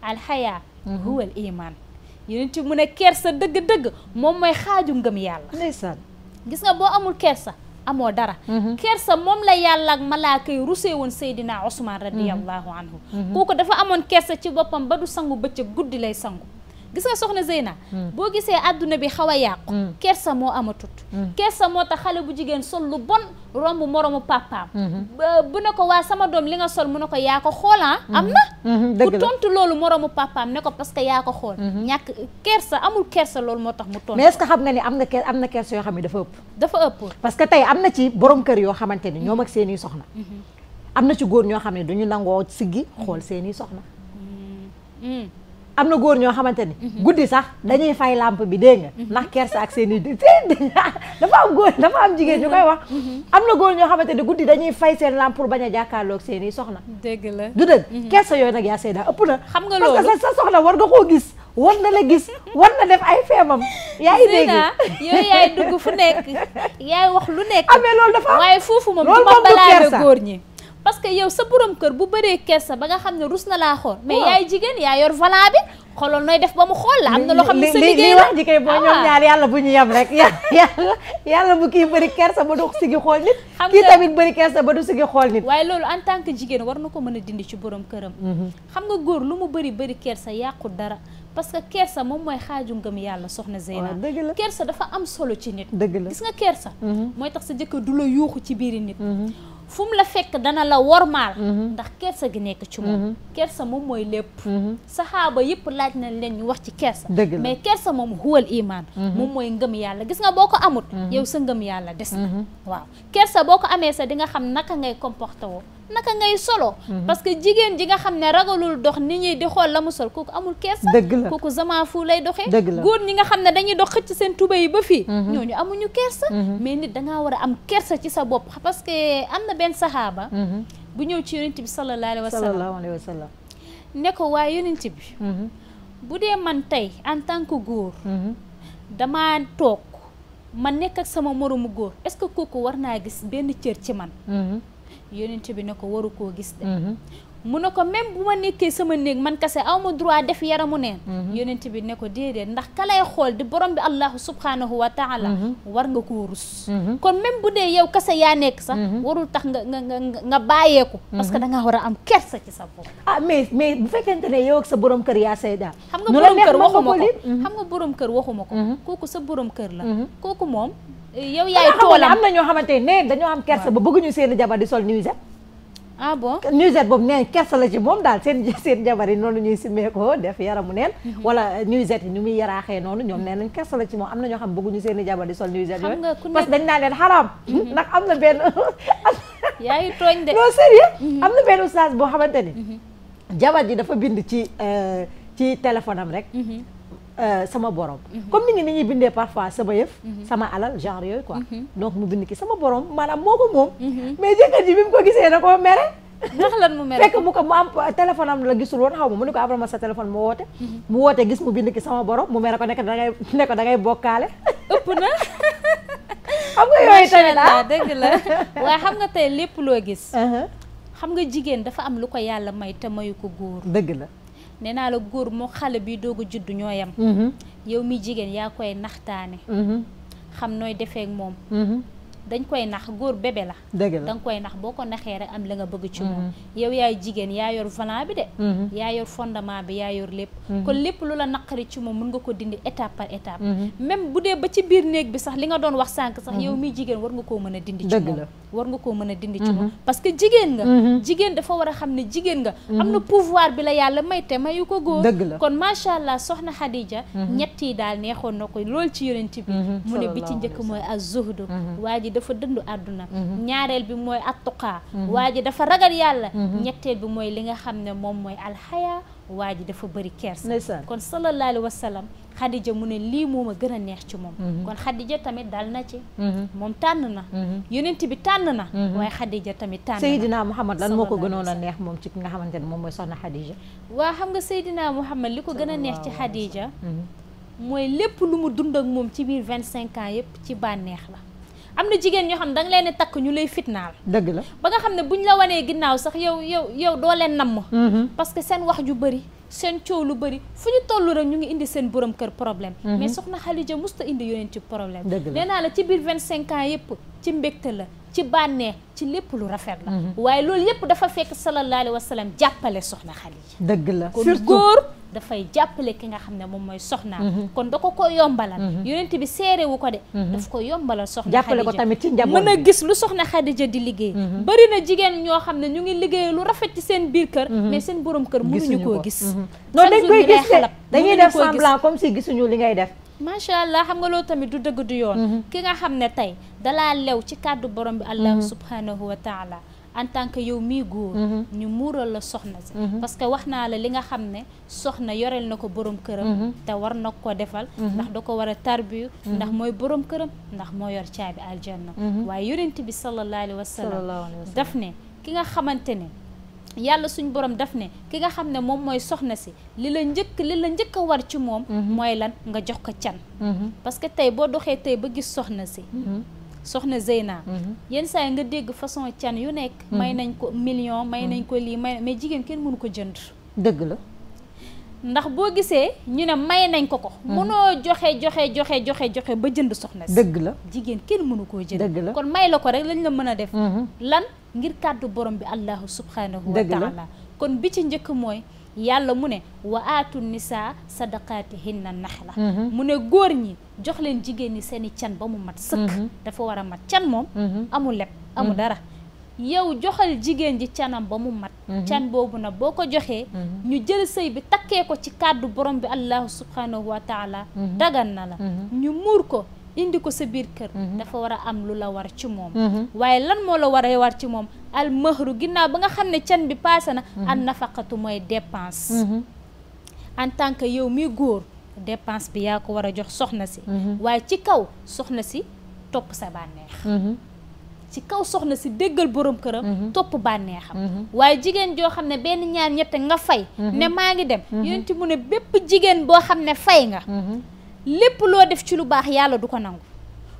alxayaa huwal iman yonent bi mu ne kersa dëgg-dëgg moom mooy xaaju ngëm yàlla ndeysaan gis nga boo amul kersa amoo dara mm-hmm. kersa moom la yàlla ak malaaka yi rusee woon Seydina Ousmane mm-hmm. radiallahu anhu mm-hmm. kooku dafa amoon kersa ci boppam ba du sangu bëccëg guddi lay sangu gis nga soxna Zeyna hmm. boo gisee àdduna bi xaw a yàqu hmm. kersa moo amatut hmm. kersa moo tax xale bu jigéen sol lu bon romb moroomu papaam bu ne ko waa sama doom li nga sol mu ne ko yaa ko xoolan ah, am na ku tontu loolu moroomu papaam ne ko parce que yaa ko xool ñàkk kersa amul kersa loolu moo tax mu tontu mais est que xam nga ni am nga ker am na kersa yoo xam ne dafa ëpp dafa ëpp parce que tey am na ci borom kër yoo xamante ni ñoom ak seeni soxna am na ci góor ñoo xam ne duñu nangoo siggi xool seeni soxna am na góor ñoo xamante ni. Mhm. guddi sax dañuy fay lampe bi dégg nga. Mhm. ndax kersa ak seen i dafa am góor dafa am jigéen ñu mhm. koy wax. am na góor ñoo xamante ni guddi dañuy fay seen lampe pour bañ a jàkkaarloog seen i soxna. dëgg la du dëgg kersa yooyu nag yaa seeda ëpp na. xam nga loolu parce que sa soxna war nga koo gis. war na la gis war na def ay feemam. yaay dégg yooyu yaay dugg fu nekk yaay wax lu nekk. amee ah, loolu dafa waaye foofu moom du ma balaa góor ñi. parce que yow sa borom kër bu bëree kersa ba nga xam ne rus na laa xool. mais yaay jigéen yaa yor volant bi xooloon nooy def ba mu xool la am na loo xam ne sa liggéey la wax ji kay boo ah. yàlla bu ñu yem rek yàlla yàlla bu kii bëri kersa ba du sigi xool nit kii tamit bëri kersa ba du sigi xool nit waaye loolu en tant que jigéen war na ko mën a dindi ci borom këram mhm. xam nga góor lu mu bëri bëri kersa yàqu dara parce que kersa moom mooy xaaju ngëm yàlla soxna Zeyna dëgg la kersa dafa am solo ci nit dëgg la gis nga kersa mhm. mooy tax sa jëkkër du la yuuxu ci biiri nit mhm. fu la fekk dana la wormaal mhm. ndax kersa gi nekk ci moom mhm. kersa moom mooy lépp sa mhm. saxaaba yëpp laaj na leen ñu wax ci kersa mais kersa moom huwal iman moom mooy ngëm yàlla gis nga boo ko amut yow sa ngëm yàlla des na waaw kersa boo ko amee sa di nga xam naka ngay comporté woo naka ngay solo mhm. parce que jigéen ji nga xam ne ragalul dox ni ñi di xool la mu sol kooku amul kees dëgg la kooku zaman fu lay doxee góor ñi nga xam ne dañuy dox xëcc seen tuba yi ba fii mhm. ñooñu amuñu kersa mhm. mais nit dangaa war a am kersa ci sa bopp parce que am na benn saxaaba bu ñëw ci yonent bi sallallahu alayhi wa sallam sallallahu alayhi wa ne ko waaye yonent bi bu dee man tey en tant que góor damaa toog ma nekk ak sama moroomu góor est-ce que kooku war naa gis benn cër ci man yonent bi ne ko waru koo gis de mm-hmm. mu ne ko même bu ma nekkee sama néeg man kase aw ma droit def yaramu neen mhm. yonent bi ne ko déedéet ndax kalay xool di borom bi allahu subhanahu wa taala mhm. war nga ko rus mhm. kon même bu dee yow kese yaa nekk sax warul tax nga nga nga nga bàyyeeku parce que da ngaa war a am kersa ci sa bopp ah mais mais bu fekkente ne yow ak sa borom kër yaa say daal xam nga borom kër waxuma ko xam nga borom kër waxuma ko kooku sa borom kër la kooku moom eh, yow yaay toolam am na ñoo xamante ne dañoo am kersa ba bëgguñu seen jabar di sol nuisette ah bon nuisette boobu neen kersa la ci moom daal seen seen jabar yi noonu ñuy simmeekoo def yaramu neen mhm. wala euh, nuisette yi ñu muy yaraaxee noonu ñoom nee nañ kersa la ci moom am na ñoo xam bëgguñu seen i jabar di sol nuisette yooyu parce que dañ naa leen xaraam mhm. ndax am na benn yaa ngi tooñ de non mhm. am na benn ustaas boo xamante ni jabar ji dafa bind ci euh, ci téléphone am rek Euh, sama borom. comme ni ngi ni ñuy bindee parfois sama yëf. Mhm. sama alal genre yooyu quoi. Mhm. donc mu bind ki sama borom maanaam moo ko moom. Mhm. mais jëkkër ji bi mu ko gisee na koo mere. ndax lan mu mere fekk mu ko mu am téléphone am la gisul woon xaw ma mu ko abal ma sa téléphone mu woote. mu woote gis mu bind ki sama borom mu mere ko nekk da ngay ne ko da ngay bokkaale. ëpp na. xam nga yooyu tamit ah dëgg la waaye xam nga tey lépp loo gis. Uh-huh. xam nga jigéen dafa am lu ko yàlla may te mayu ko góor. dëgg la. nee naa la góor moo xale bi doog a juddu ñoo yam mm-hmm. yow mi jigéen yaa koy naxtaane mm-hmm. xam nooy defeek moom mm-hmm. dañ koy nax góor bébé la da nga koy nax boo ko naxee rek am la nga bëgg ci moom mm-hmm. yow yaay jigéen yaa yor volant bi de mm-hmm. yaa yor fondement bi yaa yor lépp mm-hmm. kon lépp lu la naqari ci moom mën nga ko dindi étape par étape même bu dee ba ci biir néeg bi sax li nga doon wax sànq sax yow miy jigéen war nga koo mën a dindi ci moom war nga koo mën a dindi ci parce que jigéen nga jigéen dafa war a xam ne jigéen nga am na pouvoir bi la yàlla may te mayu ko góor dëgg la kon macha allah soxna Khadija ñett yi daal neexoon na ko lool ci yonent bi mu ne bi ci njëkk mooy az zuhdu waa ji dafa dënd àdduna mhm. ñaareel bi mooy attuqaa mhm. waa ji dafa ragal yàlla mhm. ñetteel bi mooy li nga xam ne moom mooy alxaya waa ji dafa bëri kersa kon sallallahu alayhi wa sallam xadija mu ne lii moom a gën a neex ci moom kon xadija tamit dal na ci moom tànn na yonent bi tànn na waaye xadija tamit tànn na Seydina Muhammad lan moo ko gënoon a neex moom ci ki nga xamante ne moom mooy soxna xadija waa xam nga Seydina Muhammad li ko gën a neex ci xadija mooy lépp lu mu dund ak moom ci biir vingt cinq yëpp ci bànneex la am na jigéen ñoo xam ne nga leen takk ñu lay fitnaal. dëgg la ba nga xam ne buñ la wanee ginnaaw sax yow yow yow doo leen namm. Mm-hmm. parce que seen wax ju bëri seen coow lu bëri fu ñu toll rek ñu ngi indi seen borom kër problème. Mm-hmm. mais soxna Xadija musta indi yoneen ci problème. dëgg la nee naa la ci biir 25 ans yëpp ci mbégte la. ci bànneex ci lépp lu rafet la mhm. waaye loolu yëpp dafa fekk sallallahu alayhi wa sallam jàppale soxna Xadija dëgg la kon góor dafay jàppale ki nga xam ne moom mooy soxnaam mhm. kon da ko ko yombalal mhm. yonent bi seere wu ko de daf ko yombalal soxna jàppale ko tamit ci njaboot mën a gis lu soxna Xadija di liggéey bari na jigéen ñoo xam ne ñu ngi liggéey lu rafet ci seen biir kër mais seen borom kër mënuñu koo gis noonu dañ koy gis dañuy def semblant comme si gisuñu li ngay def macha allah xam nga loolu tamit du dëgg du yoon. Mm-hmm. ki nga xam ne tey dalaa lew ci kàddu borom bi. allahu mm-hmm. subhanahu wa taala. en tant que yow mii góor. Mm-hmm. ñu muural la soxna si. parce que wax naa la li nga xam ne soxna yoreel na ko borom këram. te war na ko defal. ndax da ko war a tarbiyu. ndax mooy borom këram ndax moo yor caabi aljanna. waaye yonent bi sallallahu alayhi wa sallam daf ne ki nga xamante ne. yàlla suñ borom daf ne ki nga xam ne moom mooy soxna si li la njëkk li la njëkk a war ci moom mhm. mooy lan nga jox ko can mhm. parce que tey boo doxee tey ba gis soxna si mhm. soxna Zeyna yenn saa yi nga dégg façon can yu nekk may nañ ko million may nañ ko lii may mais jigéen kenn mënu ko jënd dëgg la ndax boo gisee ñu ne may nañ ko ko. Mm-hmm. mënoo joxe joxe joxe joxe joxe ba jënd soxna si. dëgg la jigéen kenn mënu koo jënd. dëgg la kon may la ko rek lañ la mën a def. Mm-hmm. lan ngir kàddu borom bi allahu subhanahu wa la kon bi ci njëkk mooy yàlla mu ne wa aatu na sadaqaatihinna naxla. Mm-hmm. mu ne góor ñi jox leen jigéen ñi seen i can ba mu mat. sëkk dafa war a mat can moom. amul leb amul dara. yow joxal jigéen ji canam ba mu mat mhm. can boobu nag boo ko joxee mhm. ñu jël sëy bi takkee ko ci kàddu borom bi allahu subhanahu wa taala mhm. na la ñu muur ko indi ko sa biir kër dafa war a am lu la war ci moom waaye lan moo la waree war ci moom al mahru ginnaaw ba nga xam ne can bi paase na an nafaqatu mooy dépense en tant que yow mi góor dépense bi yaa ko war a jox soxna si waaye ci kaw soxna si topp sa bànneex ci kaw soxna si déggal borom këram mm-hmm. topp bànneexam mm-hmm. waaye jigéen joo xam ne benn ñaar ñette nga fay mm-hmm. ne maa ngi dem yonent mu ne bépp jigéen boo xam ne fay nga lépp loo def ci lu baax yàlla du ko nangu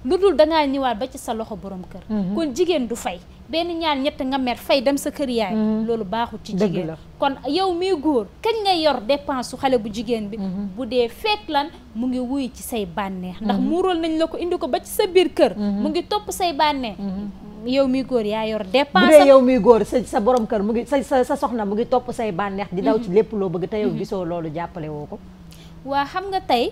lu dul dangaa ñëwaat ba ci sa loxo borom kër kon jigéen du fay benn ñaar ñett nga mer fay dem sa kër yaay mhm. loolu baaxul ci jigéen kon yow miy góor kañ ngay yor dépense su xale bu jigéen bi mhm. bu dee fekk lan mu ngi wuy ci say bànneex ndax mhm. muural nañ la ko indi ko ba ci sa biir kër mu ngi topp say bànneex yow miy góor yaa yor dépense bu dee yow miy góor sa sa borom kër mu ngi sa sa sa soxna mu ngi topp say bànneex di lépp loo bëgg te yow gisoo loolu jàppalewoo ko waa xam nga tey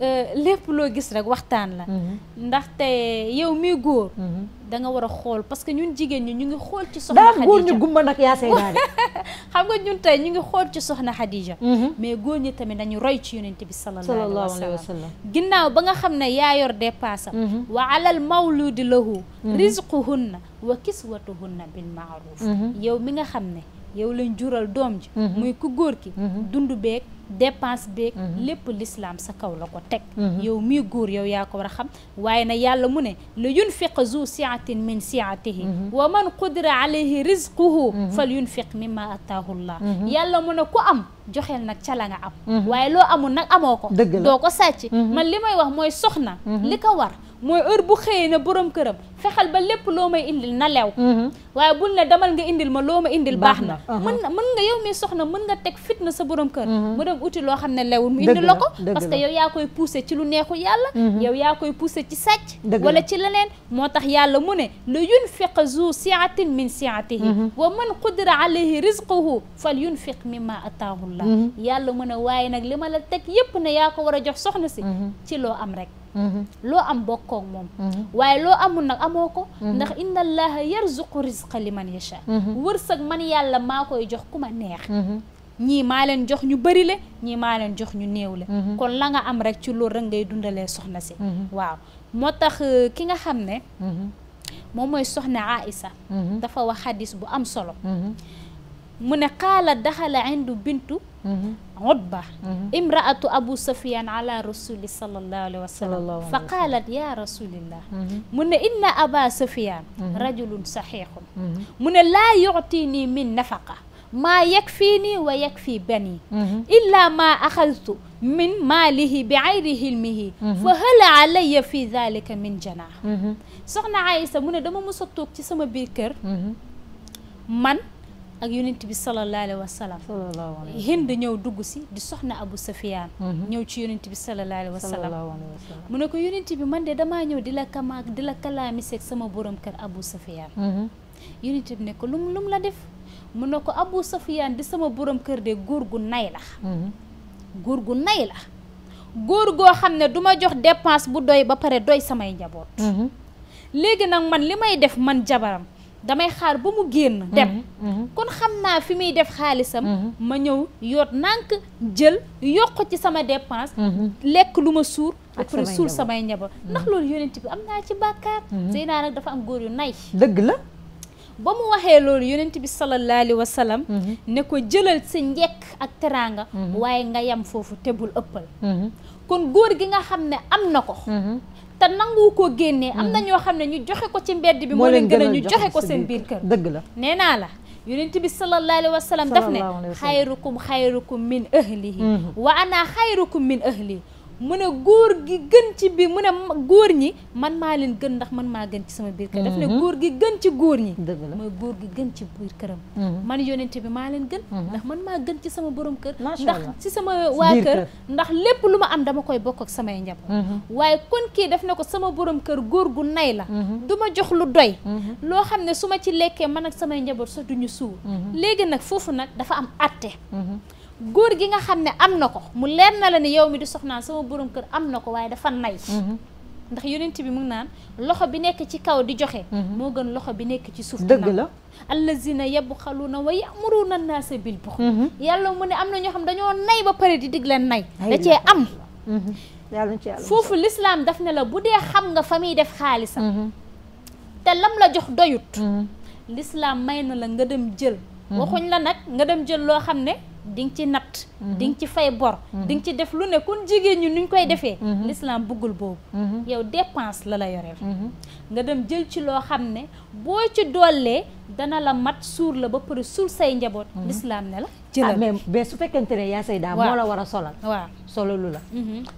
Euh, lépp loo gis rek waxtaan la mhm. ndaxte yow mii góor mhm. da nga war a xool parce que ñun jigéen ñi ñu ngi xool ci soxna Xadija ñu gumba nag yaa say xam nga ñun tey ñu ngi xool ci soxna Xadija mhm. mais góor ñi tamit nañu roy ci yonent bi sallallahu alayhi wa sallam ginnaaw ba nga xam ne yaa yor dépassam wa alal mawludi lahu na wa kiswatuhunna bil ma'ruf yow mi nga xam ne yow lañ jural doom ji muy ku góor ki dund beeg dépense beeg. Mhm. lépp lislaam sa kaw la ko teg. Mhm. yow mi góor yow yaa ko war a xam waaye na yàlla mu ne lu yunfiq zu siatin min siatihi mhm. wa man qudira alayhi rizquhu fal yunfiq mimma ataahu llah yàlla mu ne ku am joxeel nag ca la am waaye loo amul nag amoo ko doo ko sàcc man li may wax mooy soxna li ko war mooy heure bu xëyee na borom këram fexel ba lépp loo may indil na lew mhm. waaye bul ne demal nga indil ma loo ma indil baax na mën na mën nga yow mi soxna mën nga teg fitna sa borom kër mhm. mu dem uti loo xam ne lewul mu indil la ko parce que yow yaa koy poussé ci lu neexu yàlla mhm. yow yaa koy poussé ci sàcc wala ci leneen moo tax yàlla mu ne lu yunfiq zu siatin min siatihi wa man qudira alayhi rizquhu fal yunfiq mimma ataahu llah yàlla mu ne waaye nag li ma la teg yépp ne yaa ko war a jox soxna si ci loo am rek Mm-hmm. loo am bokkoo moom mm-hmm. waaye loo amul nag amoo ko mm-hmm. ndax inna allaha yarzuqu rizqa li man yasha wërsëg man yàlla maa koy jox ku ma neex ñii maa leen jox ñu bëri le ñii maa leen jox ñu néew le kon la nga am rek ci loolu rek ngay dundalee soxna si waaw moo tax euh, ki nga xam ne moom mooy soxna Aïssa dafa wax xadis bu am solo mu ne qaala daxala indu bintu Mm-hmm. utba mm-hmm. imraatu abu sufyan ala rasuli sallallahu alayhi wa sallam fa qaalat ya rasulillah mm-hmm. mu ne inna aba sufyan rajulun saxiixun mu ne laa yuctinii min nafaqa maa yakfiinii wa yakfi banii illa maa axadtu min maalihi bi ayri hilmihi fa hala alayya fi dalika min janaax soxna Aïssa mu ne dama mos a toog ci sama biir kër man ak yonent bi sallallahu alayhi wa sallam Hind ñëw dugg si di soxna Abu Sufyaan mhm. ñëw ci yonent bi sallallahu alayhi mu ne ko yonent bi man de damaa ñëw di la kamaak di la kalaamiseeg sama borom kër Abu Sufyaan mhm. yonent bi ne ko lum lum la def mu ne ko Abu Sufyaan di sama borom kër de góor gu nay la mhm. góor gu nay la góor goo xam ne duma jox dépense bu doy ba pare doy samay njaboot léegi nag man li may def man jabaram damay xaar ba mu génn dem mhm, mhm. kon xam naa fi muy def xaalisam mhm. ma ñëw yoot nànk jël yokk ci sama dépense lekk lu ma suur après suur samay njaboot ndax loolu yonent bi am naa ci bàkkaar sëy dafa am góor yu nay dëgg la ba mu waxee loolu yonent bi sallallahu alayhi wa ne ko jëlal sa njekk ak teraanga waaye nga yam foofu te bul ëppal kon góor gi nga xam ne am na ko te nangu ko génnee am na mm. ñoo xam ne ñu joxe ko ci mbedd bi moo leen gën a ñu joxe ko seen biir kër dëgg la nee naa la yonent bi sallallahu alayhi wa sallam daf ne xayrukum xayrukum min ahlihi mm-hmm. wa ana xayrukum min ahli mu ne góor gi gën ci biir mu ne góor ñi man maa leen gën ndax man maa gën ci sama biir kër daf ne mhm. góor gi gën ci góor ñi mooy góor gi gën ci biir këram mhm. man yonente bi maa leen gën mhm. ndax man maa gën ci sama borom kër ndax ci sama waa kër ndax lépp lu ma am dama koy bokk ak samay njaboot waaye kon kii daf ne ko sama boroom kër góor gu nay la du ma jox lu doy loo xam ne su ma ci lekkee man ak samay njaboot sax duñu suur léegi nag foofu nag dafa am atte góor gi nga xam ne am na ko mu leen na la ne yow mi di soxnaan sama borom kër am na ko waaye dafa nay mhm. ndax yonent bi mu naan loxo bi nekk ci kaw di joxe mhm. moo gën loxo bi nekk ci suuf dëgg la allazina yabxaluuna wa yamuruna na bil bux mhm. yàlla mu ne am na ñoo xam dañoo nay ba pare di digle nay da cee am foofu lislaam daf ne la bu dee xam nga fa muy def xaalisam te lam la jox doyut lislaam may na la nga dem jël waxuñ la nag nga dem jël loo xam ne di nga ci nat mhm. di nga ci fay bor mhm. di nga ci def lu ne kon jigéen ñi nuñ koy mhm. defee l'islam bëggul boobu yow dépense la la yoreel nga dem jël ci loo xam ne boo ci dollee dana la mat suur la ba pare suur say njaboot l'islam ne la ah mais mais su fekkente ne yaa say daa moo la war a solal waaw solalu la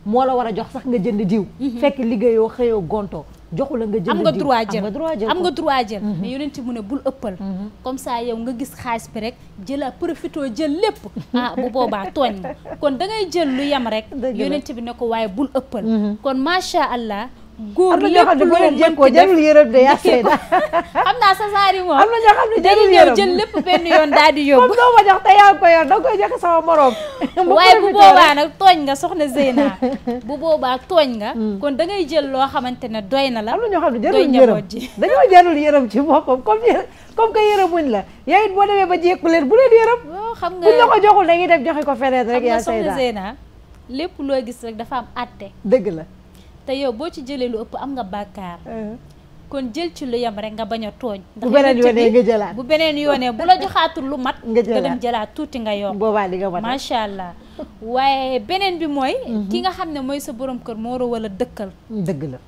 moo la war a jox sax nga jënd diw fekk liggéeyoo xëyoo gontoo joxu la nga jël am nga droit jël am nga droit jël mm-hmm. mais yonent mu ne bul ëppal mm-hmm. comme ça yow nga gis xaalis bi rek jëla profito jël lépp ah bu boobaa tooñ kon da ngay jël lu yem rek yonent bi ne ko waaye bul ëppal mm-hmm. kon macha allah góor lépp lu leen jékkoo jarul yërëm de yaa sayda xam naa sa saari moom am na ñoo xam ne jarul yërëm jël lépp benn yoon daal di yóbbu comme doo ma jox te yaa ngi koy yor danga koy joxe sama morom waaye bu boobaa nag tooñ nga soxna Zeyna bu boobaa tooñ nga hmm. kon da ngay jël loo xamante ne doy na la am na ñoo xam ne jarul yërëm dañoo jarul yërëm ci boppam comme comme que yërëmuñ la yow it boo demee ba jékku leen bu leen yërëm oh, xam nga buñ la ko joxul da ngay dem joxe ko feneen rek yaa sayda soxna Zeyna lépp loo gis rek dafa am atte dëgg la te yow boo ci jëlee lu ëpp am nga bàkkaar kon jël ci lu yam rek nga bañ a tooñ bu beneen yoonee nga jëlaat bu beneen yoonee bu la joxaatul lu mat nga dem jëlaat tuuti nga yoon boobaa di nga mat macha allah waaye beneen bi mooy mhm. ki nga xam ne mooy sa borom kër moo war a dëkkal dëgg la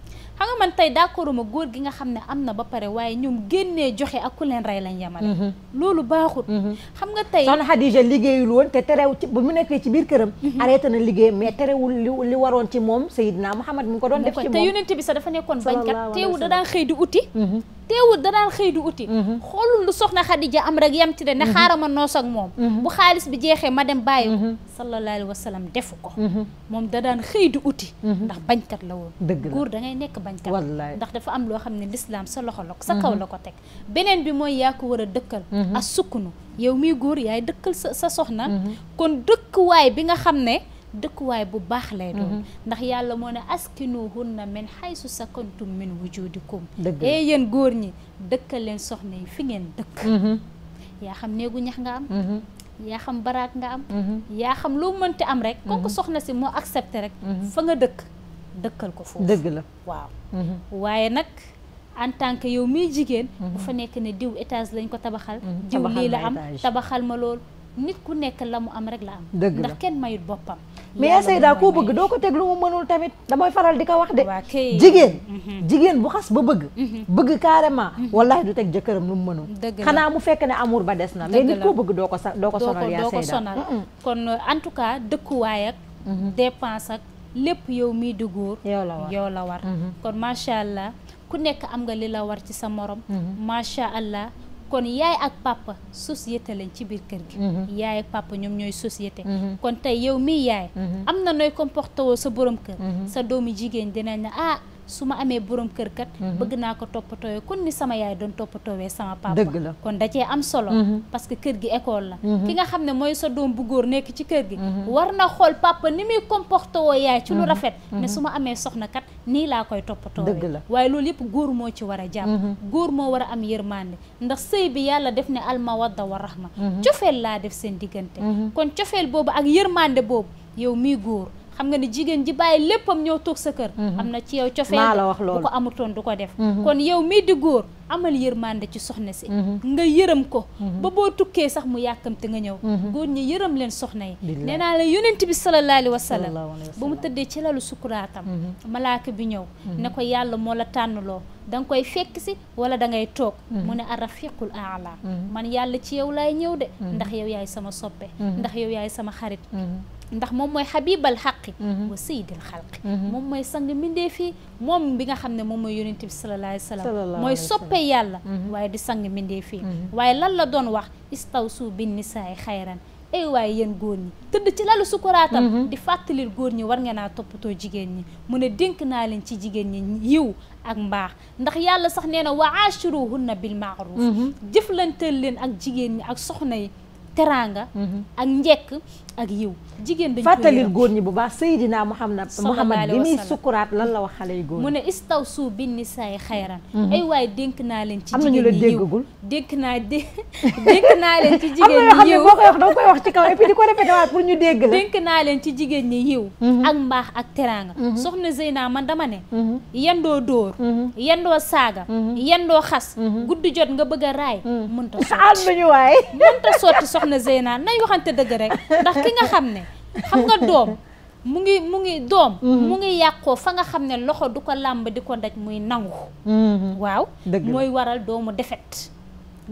xam nga man tey d'accorduma góor gi nga xam ne am na ba pare waaye ñoom génnee joxe ak ku leen rey lañ yemale mhm. loolu baaxul mhm. xam nga tey soxna Xadija liggéeyul woon te terew ba mu nekkee ci biir këram mhm. arrêté na liggéey mais terewul li waroon ci moom Seydina Muhammad mu ngi ko doon def ci moom te yonent bi sax dafa nekkoon bañkat teewu da daan xëy di uti teewul danaan xëy du uti mhm. xoolul lu soxna Xadija am rek yam ci de ne mhm. xaaral ma noos ak moom mhm. bu xaalis bi jeexee ma dem bàyyi ko sallallahu wa sallam defu ko moom danaan xëy du uti ndax bañkat la woon dëgg góor da ngay nekk bañkat ndax dafa am loo xam ne lislaam sa loxo la sa kaw la ko teg beneen bi mooy yaa ko war a dëkkal ak sukkunu yow miy góor yaay dëkkal sa sa soxna kon dëkkuwaay bi nga xam ne dëkkuwaay bu baax lay doon mhm. ndax yàlla moo ne na askinuhunna min haythu sakantum min wujudikum ee eh, yéen góor ñi dëkkal leen soxna yi fi ngeen dëkk mhm. yaa xam néegu ñax nga am mhm. yaa xam baraak nga am yaa xam loo mënti am rek kooku soxna si moo accepté rek fa nga dëkk dëkkal ko foofu dëgg la waaw waaye nag en tant que yow miy jigéen bu fa nekk ne diw étage lañ ko tabaxal diw lii la am tabaxal ma loolu nit ku nekk la mu am rek la am ndax kenn mayut boppam mais Seyda koo bëgg doo ko teg lu mu mënul tamit damay faral di ko wax de jigéen mhm. jigéen bu xas ba bëgg mhm. bëgg carrément mhm. wallahi du teg jëkkëram lu mu mënul xanaa mu fekk ne amul ba des na mais nit koo bëgg doo ko sa doo ko sonal yaa Seyda kon en tout cas dëkkuwaay ak dépense ak lépp yow mii di góor yow la war kon macha allah ku nekk am nga li la war ci sa morom macha allah kon yaay ak papa société lañ ci biir kër gi mhm. yaay ak papa ñoom ñooy société mhm. kon tey yow mi yaay mhm. am na nooy comporté woo sa borom kër sa doomi jigéen dinañ ne ah su ma amee borom kër kat. Mhm. bëgg naa ko toppatooyee kon ni sama yaay doon toppatoowee sama papa. dëgg la kon da cee am solo. Mhm. parce que kër gi école la. Mhm. ki nga xam ne mooy sa doom bu góor nekk ci kër gi. war na xool papa ni muy comporté woo yaay ci lu rafet. ne su ma amee soxna kat nii laa koy toppatoowee. dëgg la waaye loolu yëpp góor moo ci war a jàpp. góor moo war a am yërmande ndax sëy bi yàlla def ne almawadda wa rahma. cofeel laa def seen diggante. kon cofeel boobu ak yërmande boobu xam nga ni jigéen ji bàyyi léppam ñëw toog sa kër mhm. am na ci yow la bu ko amutoon du ko def mhm. kon yow mii di góor amal yërmande ci soxna si mhm. nga yërëm ko ba boo tukkee sax mu yàkkamte nga ñëw góor ñi yërëm leen soxna yi nee naa la yonent bi sallallahu alayhi wa sallam ba mu tëddee ci lalu sukuraatam malaaka bi ñëw ne ko yàlla moo la tànnloo da nga koy fekk si wala da ngay toog mu ne arafiqul aala man yàlla ci yow laay ñëw de ndax yow yaay sama soppe ndax yow yaay sama xarit ndax moom mooy xabibal xaqi mm-hmm. wa sayyidil xalqi mm-hmm. moom mooy sang mbindee fii moom bi nga xam ne moom mooy yonent bi sallallahu alayhi wa mooy soppe yàlla mm-hmm. waaye di sang mbindéef yi waaye lan la doon wax istawsu bin nisaay xayran ay waaye yéen góor ñi tëdd ci lalu sukuraatam di fàttalil góor ñi war ngeen a toppatoo jigéen ñi mu ne dénk naa leen ci jigéen ñi yiw ak mbaax ndax yàlla sax nee na wa aachiruhunna bil maaruf jëflanteel leen ak jigéen ñi ak soxna yi teraanga ak njekk ak yiw jigéen dañ fàttalil góor ñi bu baax Seydina Muhammad Muhammad bi muy sukuraat lan la wax xale yu góor mu ne istawsu bin nisaay xayran mhm. ay waaye dénk naa leen ci jigéen yiw la déggagul dénk naa dénk naa leen yiw wax danga koy ko répété ñu dégg la naa leen ci jigéen ñi yiw mhm. ak mbaax ak teraanga mhm. soxna Zeyna man dama ne yendoo dóor yendoo saaga yendoo xas gudd jot nga bëgg a raay mënta sotti soxna Zeyna nañ waxante dëgg rek ndax fi nga xam ne xam nga doom mu ngi mu ngi doom mm-hmm. mu ngi yàqoo fa nga xam ne loxo du ko làmb di ko daj muy nangu mm-hmm. waaw mooy waral doomu defet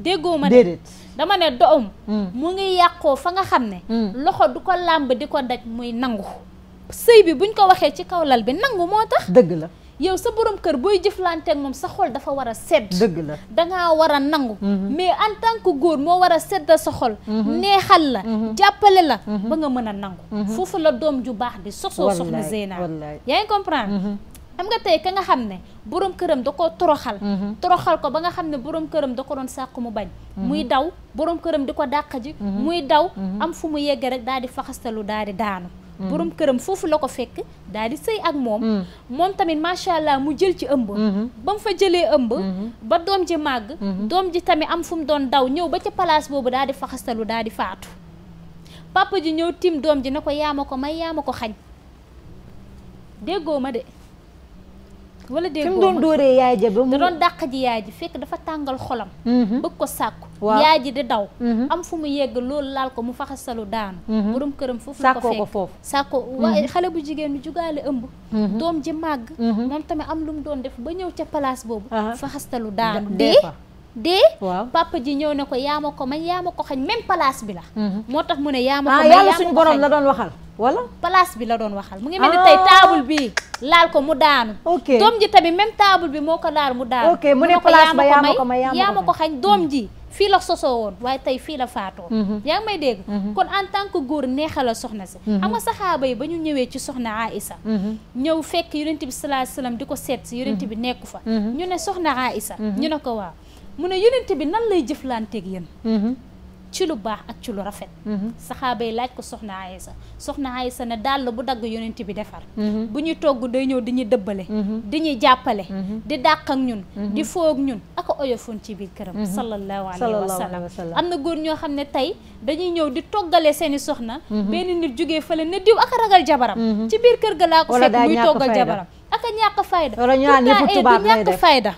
déggoo ma de dama ne doom mm. mu ngi yàqoo fa nga xam ne mm. loxo du ko làmb di ko daj muy nangu sëy bi buñ ko waxee ci kaw lal bi nangu moo tax dëgg la yow sa borom kër booy jëflante ak moom sa xol dafa war a sedd dëgg la dangaa war a nangu mhm. mais en tant que góor moo war a sedd sa xol mhm. neexal la mhm. jàppale la ba nga mën a nangu foofu la doom ju baax di sosoo soxna Zeyna yaa ngi comprendre xam nga tey ka nga xam ne borom këram da koo toroxal toroxal ko ba nga xam ne borom këram da ko doon sàkku mu bañ muy daw boroom këram di ko dàq ji muy daw am fu mu yegg rek daal di faxastalu daal di daanu Mm. borom këram foofu la ko fekk daal di sëy ak moom mm. moom tamit macha allah mu jël ci ëmb mm-hmm. ba mu fa jëlee ëmb mm-hmm. ba doom ji màgg mm-hmm. doom ji tamit am fu mu doon daw ñëw ba ci palaas boobu daal di faxastalu daal di faatu papa ji ñëw tiim doom ji na ko yaa ma ko may yaa ma ko xañ déggoo ma de wala déggoo ma doon dóoree yaay ja ba doon dàq yaay ji fekk dafa tàngal xolam bëgg ko sàkku waaw yaay ji di daw mhm. am fu mu yegg loolu laal ko mu faxasalu daanu mhm. borom këram foofu la ko foofu sàkko waaye mhm. xale bu jigéen bi jugaale ëmb doom ji màgg moom tamit am lu mu doon def ba ñëw ca place boobu faxasalu daanu dee dee waaw papa ji ñëw ne ko yaa ma ko mañ yaa ko xañ même place bi la moo tax mu ne yaa ma ko ah, mañ yàlla suñu borom la doon waxal wala place bi la doon waxal mu ngi mel ni tey ah. table bi laal ko mu daanu ok doom ji tamit même table bi moo ko laal mu daanu ok mu ne place ba yaa ma ko may yaa ma ko xañ doom ji fii la sosoo woon waaye tey fii la faatoo mhm. yaa ngi may dégg mhm. kon en tant que góor neexal a soxna si mhm. xam nga saxaaba yi ba ñu ñëwee ci soxna Aïssa ñëw fekk yonent bi sallallahu alayhi di ko seet si yonent bi nekku fa ñu ne soxna Aïssa ñu ne ko waaw mu ne yonent bi nan lay jëflanteeg yéen ci lu baax ak ci lu rafet mhm. saxaaba yi laaj ko soxna Aysa soxna Aysa ne dàll bu dagg yonent bi defar mhm. bu ñuy togg day ñëw di ñuy dëbbale mhm. di ñuy jàppale di dàq ak ñun di foog ñun ak oyofoon ci biir këram sallallahu alayhi wa sallam am na góor ñoo xam ne tey dañuy ñëw di toggale seeni soxna benn nit jógee fële ne diw ak a ragal jabaram ci biir kër ga laa ko fekk muy toggal jabaram aka ñàq fayda wala ñaan yëpp tubaab lay def ñàkk fayda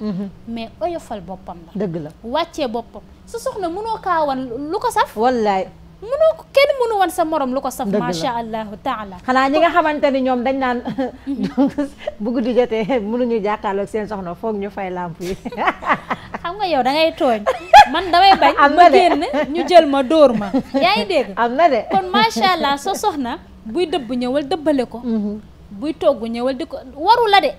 mais oyofal boppam la dëgg la wàccee boppam sa soxna mënoo kaa wan lu ko saf. wallaay. mënoo ko kenn mënu woon sa moroom lu ko saf. macha allahu taala. xanaa ñi nga xamante ni ñoom dañ naan bu guddi jotee mënuñu jàkkaarloog seen soxna foog ñu fay làmp yi. xam nga yow da ngay tooñ man damay bañ. am na de ñu jël ma dóor ma. yaa ngi dégg kon macha allah sa soxna buy dëbb ñëwal dëbbale ko. Mhm. buy togg ñëwal di ko waru la de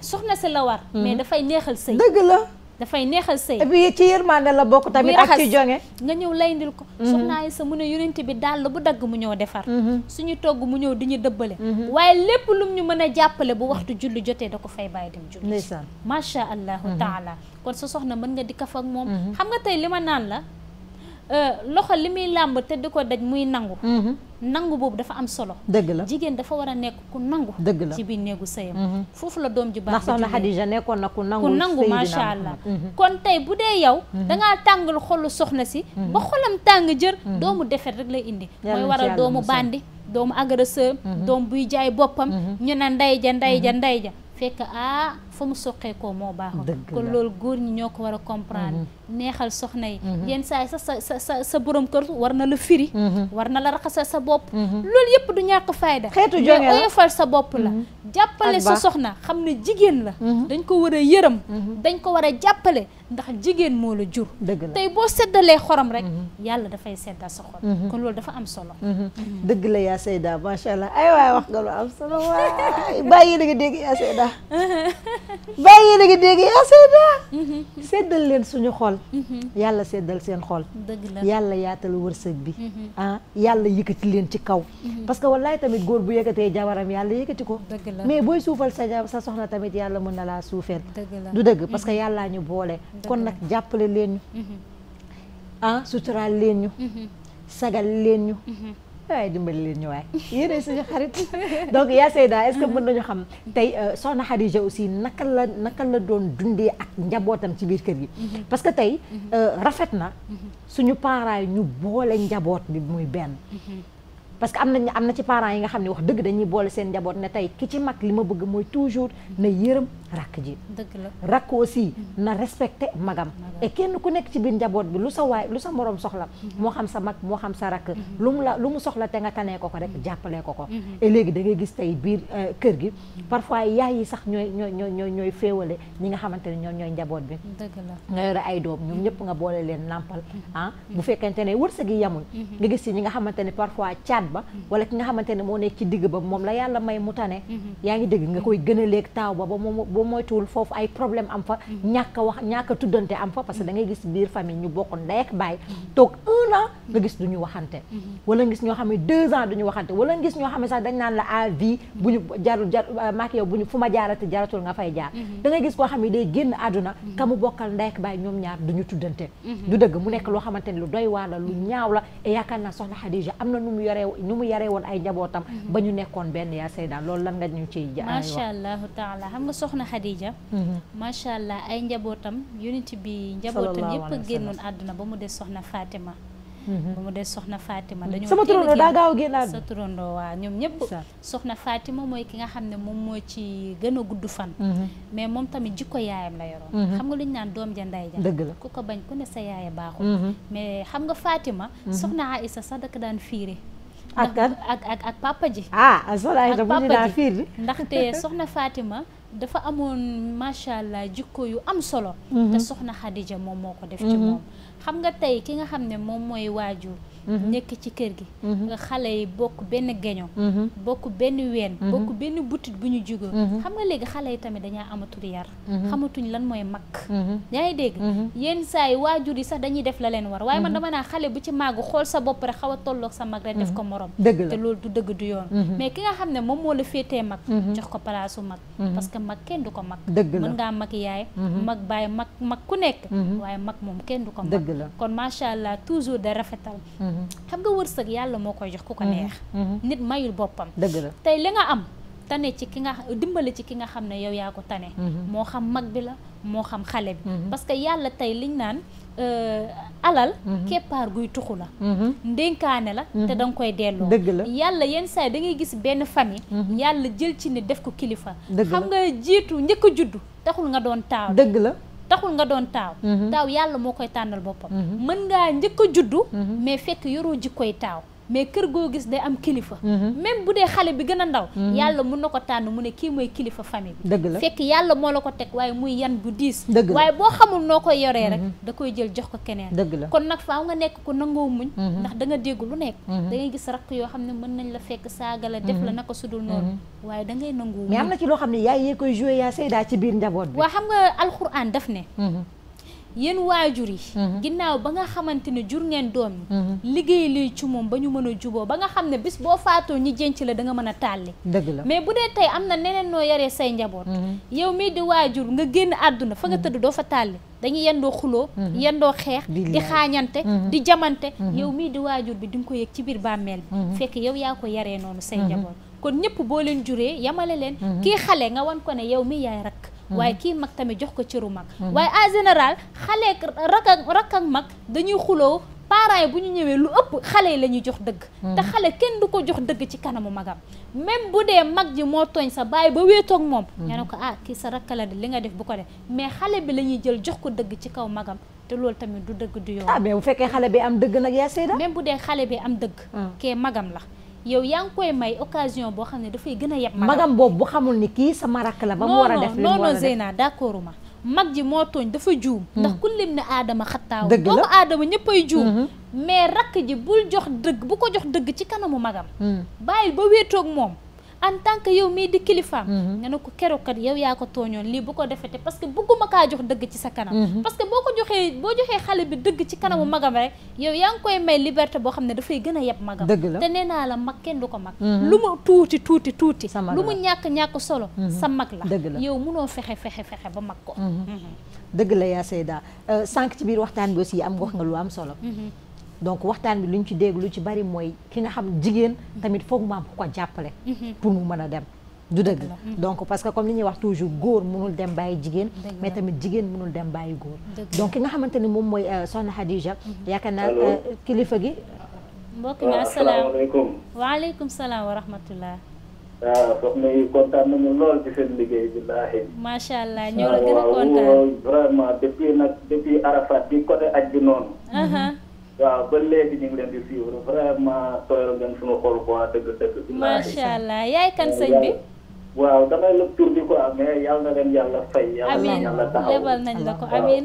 soxna si la war. Mhm. mais dafay neexal sëy dëgg dafay neexal sëy bi ci yërmande la bokk tamit ak ci jonge nga ñëw lay ndil ko mhm. soxnaa yi sa mun ne yonent bi daal la bu dagg mu ñëw defar mhm. suñu togg mu ñëw di ñu dëbbale mhm. waaye lépp lum ñu mën a jàppale bu waxtu julli jotee da ko fay bàyyi dem julli macha allahu taala kon sa soxna mën nga di kaf ak moom xam nga tey li ma naan la Euh, loxo li muy làmb te di ko daj muy nangu mhm. nangu boobu dafa am solo dëgg la jigéen dafa war a nekk ku nangu dëgg la ci biir néegu sëyam mhm. foofu la doom ju baax ndax soxna Xadija nekkoon na ku nangu ku nangu macha mhm. kon tey bu dee yow dangaa tàngal xolu soxna si ba xolam tàng jër doomu defet rek lay indi mooy waral doomu bandi doomu agresseur doom buy jaay boppam ñu ne ndey ja ndey ja ndey ja fekk ah fa mu koo moo baaxul kon loolu góor ñi ñoo ko war a comprendre mm-hmm. neexal soxna yi mm-hmm. yenn saa yi sax sa sa sa sa borom kër war na la firi mm-hmm. war na la raxasal sa bopp loolu yëpp du ñàkk fayda xeetu jonge la sa bopp la jàppale sa soxna xam ne jigéen la dañ ko war a yërëm dañ ko war a jàppale ndax jigéen moo la jur tey boo seddalee xorom rek yàlla dafay seddal sa xol kon loolu dafa am solo dëgg la yaa Seyda macha allah ay waay wax nga lu am solo bàyyi da bàyyi yéen a ngi dégg yaa seydna mhm. seddal leen suñu xol mhm. yàlla seddal seen xol yàlla yaatal wërsëg bi mhm. ah yàlla yëkkati leen ci kaw parce que wallaay tamit góor bu yëkkatee jabaram yàlla yëkkati ko mais booy suufal sa ja sa soxna tamit yàlla mën na laa suufeel du dëgg parce que yàllaa ñu boole kon nag jàppale leen ñu ah suturaal leen ñu sagal leen ñu waaye dimbali leen ñu waay yéenay suñu xarit donc yaa Seyda est-ce que mën nañu xam tey euh, soxna Khadija aussi naka la naka la doon dundee ak njabootam ci biir kër yi mhm. parce que tey mhm. euh, rafet na mhm. suñu parents yi ñu boole njaboot bi muy benn. parce que am nañu am na ci parents yi nga xam ne wax dëgg dañuy boole seen njaboot ne tey ki ci mag li ma bëgg mooy toujours na yërëm. rakk ji rakk aussi mm. na respecte magam et kenn ku nekk ci biir njaboot bi lu sa waay lu sa moroom soxla mm-hmm. moo xam sa mag moo xam sa rakk mm-hmm. lu mu la lu mu soxla te nga tanee ko ko rek mm-hmm. jàppalee ko ko léegi da ngay gis tey biir euh, kër gi parfois yaay yi sax ñooy ñooy ñooy ñooy ñooy féewale ñi nga xamante ne ñoom ñooy njaboot bi nga yore ay doom ñoom ñëpp nga boole leen nàmpal ah bu fekkente ne wërsëg yi yamuñ nga gis ci ñi nga xamante ne parfois caat ba wala ki nga xamante ne moo nekk ci digg ba moom la yàlla may mu tane yaa ngi dégg nga koy gën a léeg taaw ba moom boo moytuwul foofu ay problème am fa mm-hmm. ñàkk a ñàkk a tuddante am fa parce que da gis biir famille ñu bokk ndey ak baay mm-hmm. toog un an gis du ñu waxante mm-hmm. wala nga gis ñoo xam ne deux ans du ñu waxante wala gis ñoo xam ne sax dañ naan la à vie bu ñu jarul jar euh, maak yow bu ñu fu ma jaarati jaratul nga fay jaar da ngay koo xam ne day génn àdduna ka mu bokkal ndey ak baay ñoom ñaar du ñu tuddante du dëgg mu nekk loo xamante ne lu doy waar la lu ñaaw la et yaakaar naa soxna Xadija am na nu mu yoree nu mu yaree woon ay njabootam ba ñu nekkoon benn yaa seydaa loolu lan nga ñu ciy macha allahu taala xam Khadija mhm. macha allah ay njabootam unité bi njabootam yépp a génnoon àdduna ba mu des soxna Fatima mhm. ba mu des soxna Fatima mhm. dañoo sama turandoo daa gaaw génn àdduna sa turandoo waa ñoom ñëpp soxna Fatima mooy ki nga xam ne moom moo ci gën a gudd fan mais moom tamit jikko yaayam la yoroon xam nga lu ñu naan doom ja ndey ja dëgg la ku ko bañ ku ne sa yaaya baaxul mais xam nga Fatima soxna sa sax daka daan fiire ak ak ak papa ji ah soxna Aïssa bu ñu daan fiire ndaxte soxna Fatima dafa amoon macha allah jikko yu am solo. Mm-hmm. te soxna Khadija moom moo ko def. ci mm-hmm. moom xam nga tey ki nga xam ne moom mooy waajur. Mm-hmm. nekk ci kër gi mm-hmm. nga xale yi bokk benn geño mm-hmm. bokk benn ween benn butit bu ñu jugoo xam nga léegi xale yi tamit dañaa amatul yar xamatuñ lan mooy mag yaa ngi dégg yenn saa yi waajur yi sax dañuy def la leen war waaye man dama naa xale bu ci màgg xool sa bopp xaw a tolloog sa mag rek def ko morom loolu du dëgg du yoon mais ki nga xam ne moom moo la féetee mag jox ko palaasu mag parce que mag kenn du ko mag mën ngaa mag yaay mag baay mag mag ku nekk waaye mag moom kenn du ko mag kon macha allah toujours da rafetal xam nga wërsëg yàlla moo koy jox ku ko mhm. neex mhm. nit mayul boppam dëgg la tey li nga am tane ci ki nga dimbali ci ki nga xam ne yow yaa ko tane mhm. moo xam mag bi la moo xam xale bi parce que yàlla tey liñ naan euh, alal keppaar guy tuxu la ndénkaane la te danga koy delloo dëgg la yàlla yenn saay da ngay gis benn yi yàlla jël ci ne def ko kilifa xam nga jiitu njëkk juddu taxul nga doon taaw dëgg la taxul nga doon taaw mhm. taaw yàlla moo koy tànnal boppam mhm. mën ngaa njëkk a juddu mhm. mais fekk yoroo jikkoy taaw mais kër goo gis day am kilifa mhm. même bu dee xale bi gën a ndaw mhm. yàlla mun na ko tànn mu ne kii mooy kilifa famille bi dëgg la fekk yàlla moo la ko teg waaye muy yan bu diis dëgg la waaye boo xamul noo ko yoree rek mhm. da koy jël jox ko keneen dëgg la kon nag faaw nga nekk ko nangoo muñ ndax da nga dégg lu nekk da gis rakk yoo xam ne mën nañ la fekk saaga la def la na naka sudul noonu waaye da ngay nangoo muñ mais am na ci loo xam ne yaay yee koy joué yaa saydaa ci biir njaboot bi waa xam nga alxuraan daf ne yéen waajur yi mhm. ginnaaw ba nga xamante ne jur ngeen doom yi mhm. liggéey lii ci moom ba ñu mën a juboo ba nga xam ne bis boo faatoo ñi jenc la da nga mën a tàlli dëgg la mais bu dee tey am na neneen noo yaree say njaboot mhm. yow mii di waajur nga génn àdduna fa nga tëdd doo fa tàlli dañuy yendoo xuloo yendoo xeex di xaañante di jamante yow mii di waajur bi di nga ko yëg ci biir bàmmeel bi fekk yow yaa ko yare noonu say njaboot kon ñëpp boo leen juree yamale leen kii xale nga wan ko ne yow mi yaay rakk waaye mm. kii mag tamit jox ko cëru mag mm. waaye à général xale rak ak rak ak mag dañuy xuloo parents yi bu ñu ñëwee lu ëpp xale yi la ñuy jox dëgg mm. te xale kenn du ko jox dëgg ci kanamu magam même bu dee mag ji moo tooñ sa baay ba wéetoog moom nga ne ko ah kii sa rakkala de li nga def bu ko def mais xale bi la ñuy jël jox ko dëgg ci kaw magam te loolu tamit du dëgg du yoon ah mais bu fekkee xale bi am dëgg nag yaa Seyda même bu dee xale bi am dëgg kee magam la yow yaa ngi koy may occasion boo xam ne dafay gën a yeb magam boobu bu xamul ni kii sama rakk la ba mu war a def li mu war a def non ma mag ji moo tooñ dafa juum hmm. ndax ku lim ne aadama xattaaw doomu aadama ñëppay juum hmm. mais rakk ji bul jox dëgg bu ko jox dëgg ci kanamu magam hmm. bàyyil ba wéetoog moom en tant que yow mii di kilifaam mm-hmm. nga ne ko keroog kat yow yaa ko tooñoon lii bu ko defee te parce que bëgguma kaa jox dëgg ci sa kanam mm-hmm. parce que boo ko joxee boo joxee xale bi dëgg ci kanamu mm-hmm. magam rek yow yaa ngi koy may liberté boo xam ne dafay gën a yeb magam te nee naa la mag kenn du ko mag lu mu tuuti tuuti tuuti lu mu ñàkk ñàkk solo sa mag la dëgg la yow munoo fexe fexe fexe ba mag ko dëgg la yaa Seyda euh, sànq ci biir waxtaan bi aussi am wax nga lu am solo donc waxtaan bi lu ñu ci dégg lu ci bari mooy ki nga xam jigéen tamit foog mu ku ko jàppale mhm. pour mu mën a dem du dëgg donc parce que comme li ñuy wax toujours góor mënul dem bàyyi jigéen mais tamit jigéen mënul dem bàyyi góor donc ki nga xamante ni moom mooy euh, soxna Khadija mhm. yaakaar naa euh, kilifa gi mbokk mi asalaamaaleykum waaleykum salaam wa rahmatullah waaw soxna kontaan nañu lool ci seen liggéey bi laaxi macha allah ñoo la kontaan depuis nag depuis Arafat bi côté aj bi noonu waaw ba léegi ñu ngi leen di suivre vraiment tooyal ngeen suñu xol quoi dëgg-dëgg. macha allah yaay kan sëñ bi. waaw damay lëb tur bi quoi mais yal na leen yàlla fay. amiin yàlla taxaw lebal nañ la ko amiin.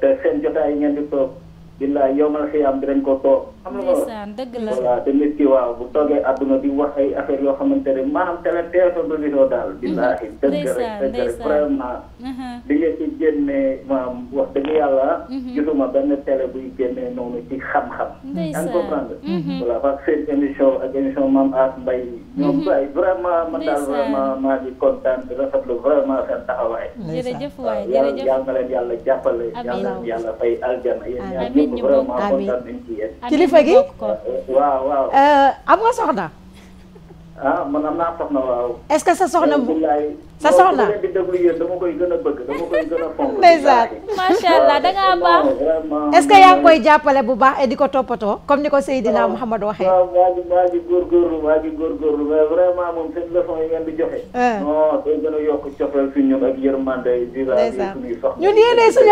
te seen jotaay ngeen di toog. billaay yowmal xiyaam dinañ ko toog. xam nga ndeysaan dëgg la voilà te nit ki waaw bu toogee àdduna di wax ay affaire yoo xamante ne maanaam tele teeso ba gisoo daal. Mhm. billaahi dëgg rek dëgg rek vraiment. Mhm. li nga ci génnee maam wax dëgg yàlla. Mhm. benn télé buy génnee noonu ci xam-xam. ndeysaan yaa ngi comprendre. voilà parce que seen émission ak émission maam As Mbaye. ñoom waay vraiment man daal vraiment maa ngi kontaan di rafetlu vraiment seen taxawaay. jërëjëf waay jërëjëf waaw yàlla yàlla na leen yàlla jàppale. amiin yàlla na leen yàlla fay aljana nit ñi bokk amiin kilifa gi euh, waaw waaw euh, am nga soxna ah man waaw. est que sa soxna bu sa soxna bu déglu yéen dama a bëgg koy gën a fonk. ndeysaan allah da ngaa baax. ce que yaa koy jàppale bu baax et di ko toppatoo. comme ni ko Seydina Mouhamad waxee. waaw maa ngi maa ngi góorgóorlu vraiment moom seen leçon yi eh. gën a yokk cofeel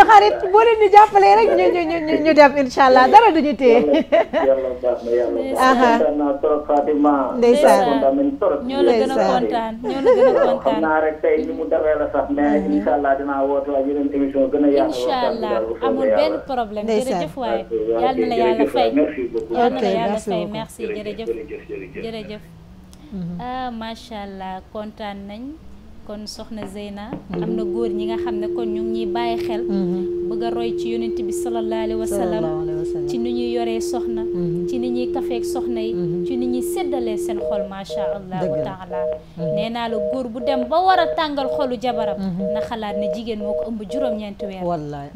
xarit boo leen jàppale rek ñu ñu ñu ñu dem incha allah dara duñu téye. yàlla baax na yàlla baax na. kontaan ñoo la gën a kontaan ñoo la gën a kontaan xam naa rek tey ni mu demee la sax mais mhm. incha allah dinaa woote waa gën a yaatu. incha allah amul benn problème jërëjëf waaye yal na la yàlla fay yal na la yàlla fay merci jërëjëf jërëjëf mhm. ah, macha allah kontaan nañ. kon soxna Zeyna mhm. am na góor ñi nga xam ne kon ñu ngi ñuy bàyyi xel mhm. bëgg a roy ci yonent bi sallallahu alayhi wa sallam ci ni ñuy yoree soxna mhm. ci ni ñuy kafeek soxna yi ci ni ñuy seddalee seen xol macha allah wa taala nee naa la góor bu dem ba war a tàngal xolu jabaram na xalaat ne jigéen moo ko ëmb juróom-ñeenti weer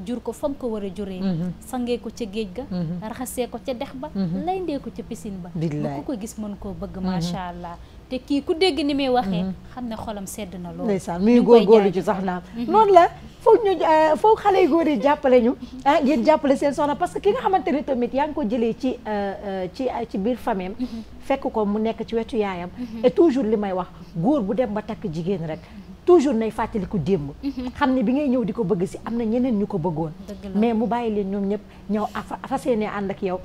jur ko fam ko war a juree sangee ko ca géej ga raxasee ko ca dex ba layndee ko ca piscine ba bu ko ko gis mën koo bëgg macha allah te kii ku dégg ni muy waxee mhm. xam ne xolam sedd na lool ndeysaan muy góorgóorlu ci sax naa mhm. noonu la foog ñu eh, foog xale yu góor yi jàppale ñu ah ngeen jàppale seen soxna parce que ki nga xamante ni tamit yaa ngi ko jëlee ci eh, eh, ci ci biir famem mhm. fekk ko mu nekk ci wetu yaayam et toujours li may wax góor bu dem ba takk jigéen rek toujours nay ku démb xam ne bi ngay ñëw di ko bëgg si am na ñeneen ñu ko bëggoon mais mu bàyyi leen ñoom ñëpp ñëw fas yéene ànd ak yow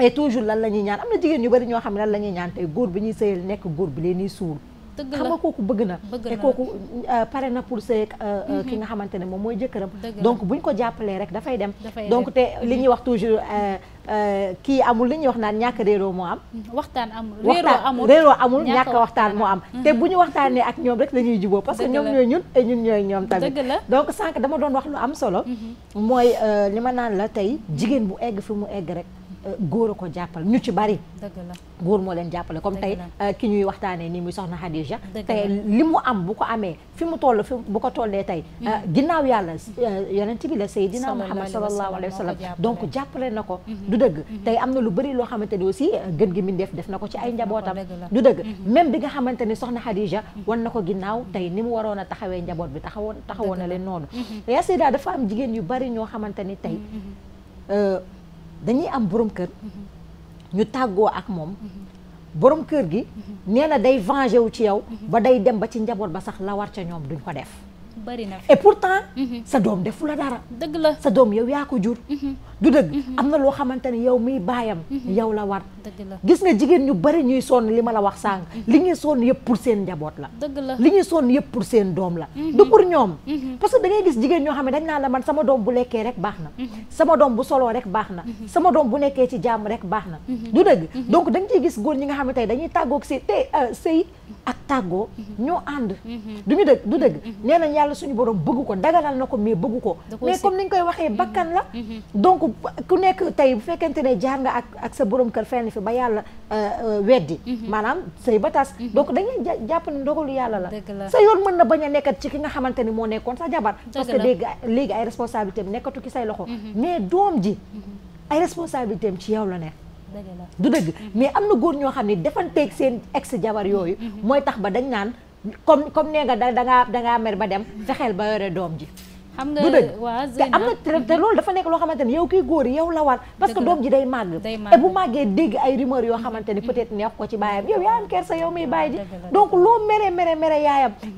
et toujours lan la ñuy ñaan am na jigéen ñu bari ñoo xam ne lan la ñuy ñaan tey góor bi ñuy sëyal nekk góor bi leen ñuy suul xam nga kooku bëgg na te kooku euh, pare na pour sëy euh, euh, ki mhm. nga xamante ne moom mooy jëkkëram donc buñ ko jàppalee rek dafay dem donc te mhm. li ñuy wax toujours kii amul li ñuy wax naan ñàkk réeroo moo am mhm. waxtaan amul réeroo amul ñàkk waxtaan moo am te bu ñu waxtaanee ak ñoom rek la ñuy juboo parce que ñoom ñooy ñun ñun ñooy ñoom tamit donc sànq dama doon wax lu am solo mooy li ma naan la tey jigéen bu egg fi mu egg rek góor a ko jàppale ñu ci bari góor moo leen jàppale comme tey euh, ki ñuy waxtaanee nii muy soxna Khadija tey li mu am bu ko amee fi mu toll fi bu ko tollee tey mm. euh, ginnaaw yàlla euh, yonent bi la Seydina Muhammad sallallahu alayhi wa sallam donc jàppale na ko mm-hmm. du dëgg mm-hmm. tey am na lu bëri loo xamante ni aussi gën gi mindeef def na ko ci ay njabootam du dëgg mm-hmm. même bi nga xamante ni soxna Khadija wan na ko ginnaaw tey ni mu waroon a taxawee njaboot bi taxawoon taxawoon na leen noonu yaa Seyda dafa am jigéen yu bari ñoo xamante ni tey dañuy am borom kër mm-hmm. ñu tàggoo ak moom mm-hmm. borom kër gi mm-hmm. nee na day venger wu ci yow ba day dem ba ci njaboot ba sax la war ca ñoom duñ ko def bari na et pourtant sa doom defu la dara dëgg la sa doom yow yaa ko jur du dëgg mhm. am na loo xamante ne yow miy baayam mhm. yow la war gis nga jigéen ñu bari ñuy sonn li ma la wax sàng mhm. li ñuy sonn yëpp pour seen njaboot la li ñuy sonn yëpp pour seen doom la du pour ñoom parce que da gis jigéen ñoo xam ne dañ naan la man sama doom bu lekkee rek baax na sama doom bu solo rek baax na sama doom bu nekkee ci jàmm rek baax na du dëgg donc danga nga gis góor ñi nga xam ne tey dañuy tàggoog sëy te euh, sëy ak tàggoo ñoo ànd du ñu dëgg du dëgg nee nañ yàlla suñu borom bëgg ko dagalal na ko mais bëgg ko mais comme ni ñu koy waxee bakkan la ku nekk tey bu fekkente ne jaar nga ak ak sa borom kër fenn fi ba yàlla euh, euh, weddi mhm. maanaam sëy ba tas mhm. donc da ngeen jàpp ne ndogalu yàlla la sa yoon mën na bañ a nekkat ci ki nga xamante ni moo nekkoon sa jabar parce que léegi léegi ay responsabilité nekkatu ki say loxo mhm. mais doom ji ay responsabilité ci yow la nekk du dëgg mais am na góor ñoo xam ne defanteeg seen ex jabar yooyu mooy tax ba dañ naan comme comme nee nga da dangaa dangaa mer ba dem fexeel ba yore doom ji xam nga waaw te am na te loolu dafa nekk loo xamante ni yow kii góor yow la war parce que doom ji day màgg te bu màggee dégg ay rumeur yoo xamante ni mm-hmm. peut-être neex ko ci baayam yaayam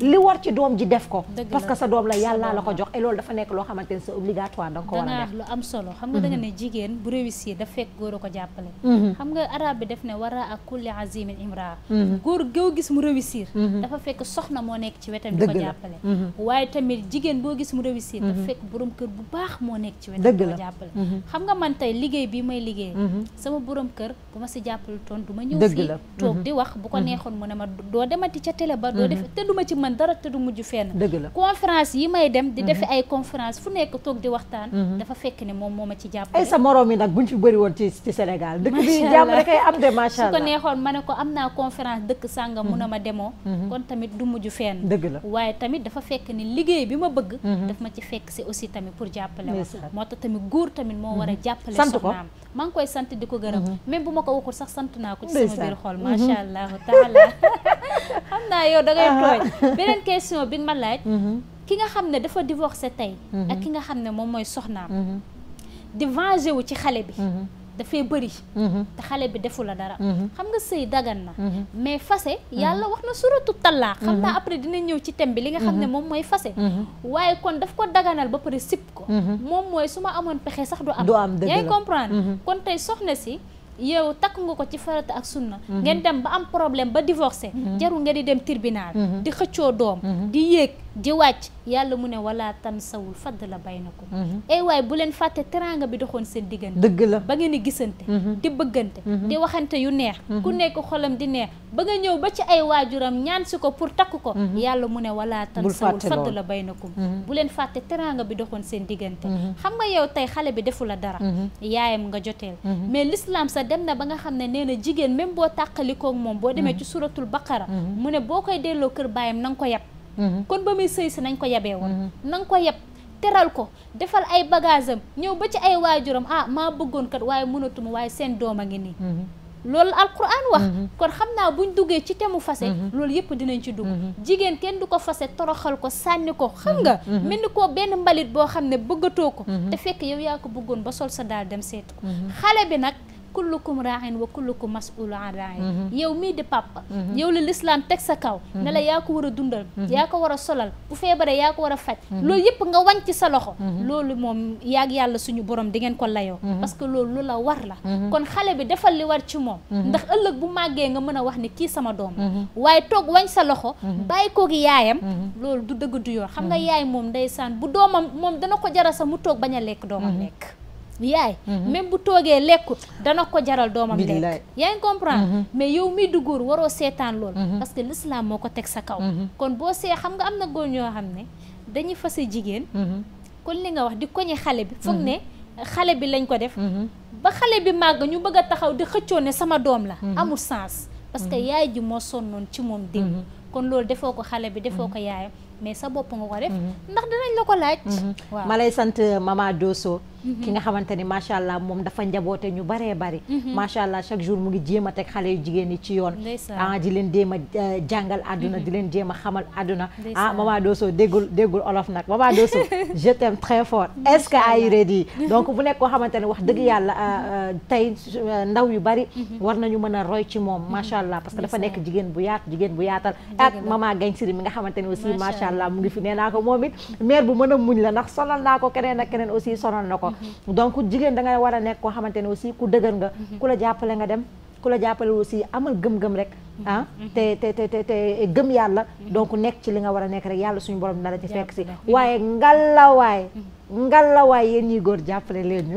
li war ci doom ji def ko parce que sa doom la yàlla la ko jox et loolu dafa nekk loo xamante ni c'est obligatoire da nga ko war a def lu am solo xam nga da mm-hmm. ne jigéen bu réussir daf fekk góor a ko jàppale mm-hmm. xam nga arab bi def ne wara ak kulli azimin imraa góor goo gis mu réussir dafa fekk soxna moo nekk ci wetam di ko réussir dafa mhm. fekk borom kër bu baax moo nekk ci wetam dëgg la jàppale mhm. xam nga man tey liggéey bi may liggéey mhm. sama borom kër bu ma si jàppale toon du ma ñëw fii toog di wax bu ko neexoon ma doo demati ca télé ba doo def te du ma ci mën dara te du mujj fenn dëgg la yi may dem di defi ay conférence fu nekk toog waxtaan dafa fekk ne moom moo ma ci jàppale sa morom yi nag buñ fi bëri woon ci ci Sénégal dëkk bi jàmm rek ay am de macha allah su ko neexoon ma ne ko am naa conférence dëkk sàngam mu ne ma demoo kon tamit du mujj fenn dëgg la waaye tamit dafa fekk ni liggéey bi ma bëgg daf ma ci fekk si aussi tamit pour jàppale ma moo tax tamit góor tamit moo war a mhm. jàppale soxnaam maa ngi koy sant di ko gërëm mhm. même bu ma ko waxul sax sant naa ko ci sama biir xool macha mhm. allahu taala xam naa yow da ngay tooñ beneen question bi ma laaj ki nga xam ne dafa divorcé tey ak ki nga xam ne moom mooy soxnaam di venger wu ci xale bi dafay bëri mm-hmm. te xale bi defu la dara mm-hmm. xam nga sëy dagan na mm-hmm. mais fase yàlla wax na suratu talaa xam naa après dina ñëw ci thème bi li nga xam ne moom mooy fase waaye kon daf ko daganal ba pare sip ko moom mooy su ma amoon pexe sax du am yaa ngi comprendre kon tey soxna si yow takk nga ko ci farata ak sunna ngeen dem ba am problème ba divorcé jarul nga di dem tribunal di xëccoo doom di yéeg di wàcc yàlla mu ne wala tan sawul fadd la bay na ko mhm. ay bu leen fàtte teraanga bi doxoon seen diggante dëgg la ba ngeen di gisante mhm. di bëggante mhm. di waxante yu neex ku nekk xolam di neex ba nga ñëw ba ci ay waajuram ñaan si ko pour takk ko yàlla mu ne wala tan sawul fadd la bay na ko bu leen fàtte teraanga bi doxoon seen diggante xam nga yow tey xale bi defu la dara yaayam nga joteel mais l'islam sa dem na ba nga xam ne nee na jigéen même boo tàqalikoog moom boo demee ci suratul baqara mu ne boo koy delloo kër baayam na nga ko yab Mm-hmm. kon ba muy sëy si nañ ko yabee woon mm-hmm. na ko yeb teral ko defal ay bagage am ñëw ba ci ay waajuram ah maa bëggoon kat waaye mënatuma waaye seen doom a ngi nii mm-hmm. loolu alquran wax kon xam naa buñ duggee ci temu fase loolu yëpp dinañ ci dugg jigéen kenn du ko fase toroxal ko sànni ko xam nga mel ni ko benn mbalit boo xam ne bëggatoo ko te fekk yow yaa ko bëggoon ba sol sa daal dem seetu ko xale bi nag kullukum raain wa kullukum masulu an raain mhm. yow mii di papa mhm. yow la lislaam teg sa kaw ne mhm. yaa ko war a dundal yaa ko war a solal bu feebaree yaa ko war a faj loolu yëpp nga wañ ci sa loxo loolu moom yaag yàlla suñu borom di ngeen ko layoo parce que loolu lu la war la kon xale bi defal li war ci moom ndax ëllëg bu màggee nga mën a wax ni kii sama doom waaye toog wañ sa loxo bàyyi koog yaayam loolu du dëgg du yoon xam nga yaay moom ndeysaan bu doomam moom dana ko jara sax mu toog bañ a lekk doomam lekk yaay mhm. même bu toogee lekku dana ko jaral doomam lekk yaa ngi comprendre mhm. mais yow miy dugóor waroo seetaan lool mhm. parce que l'islam moo ko teg sa kaw kon boo see xam nga am na góor ñoo xam ne dañuy fase jigéen kon li nga wax di koñe xale bi foog ne xale bi lañ ko def ba xale bi màgg ñu bëgg a taxaw di xëccoo ne sama doom la amul sens parce que yaay ji moo sonnoon ci moom démb kon loolu defoo ko xale bi defoo ko yaayam mais sa bopp nga ko def ndax dinañ la ko laaj waaw ma lay sant Mm-hmm. ki nga xamante ni macha allah moom dafa njaboote ñu bare bari mm-hmm. macha allah chaque jour mu ngi jéema a teg xale yu jigéen ñi ci yoon ah di leen jéem a euh, jàngal àdduna mm-hmm. di leen jéem a xamal àdduna ah mama Dosso déggul déggul olof nag mama Dosso je t'aime très fort est-ce que ay ready donc bu nekk koo xamante ne wax dëgg yàlla euh, euh, tey ndaw yu bari war nañu mën a roy ci moom macha allah parce que dafa nekk jigéen bu yaat jigéen bu yaatal ak mama Gagne Siri mi nga xamante mu ngi fi nee naa a muñ la ndax sonal naa ko keneen ak keneen aussi sonal na ko Mm-hmm. donc jigéen da ngay war a nekk koo xamante ne aussi ku dëgër nga mm-hmm. ku la jàppale nga dem ku la jàppale aussi amal gëm-gëm rek mm-hmm. ah te te te te gëm yàlla donc nekk ci li nga war a nekk rek yàlla suñu borom dina la ci fekk si waaye ngalawaay ngalawaay yéen ñi góor jàppale leen ñu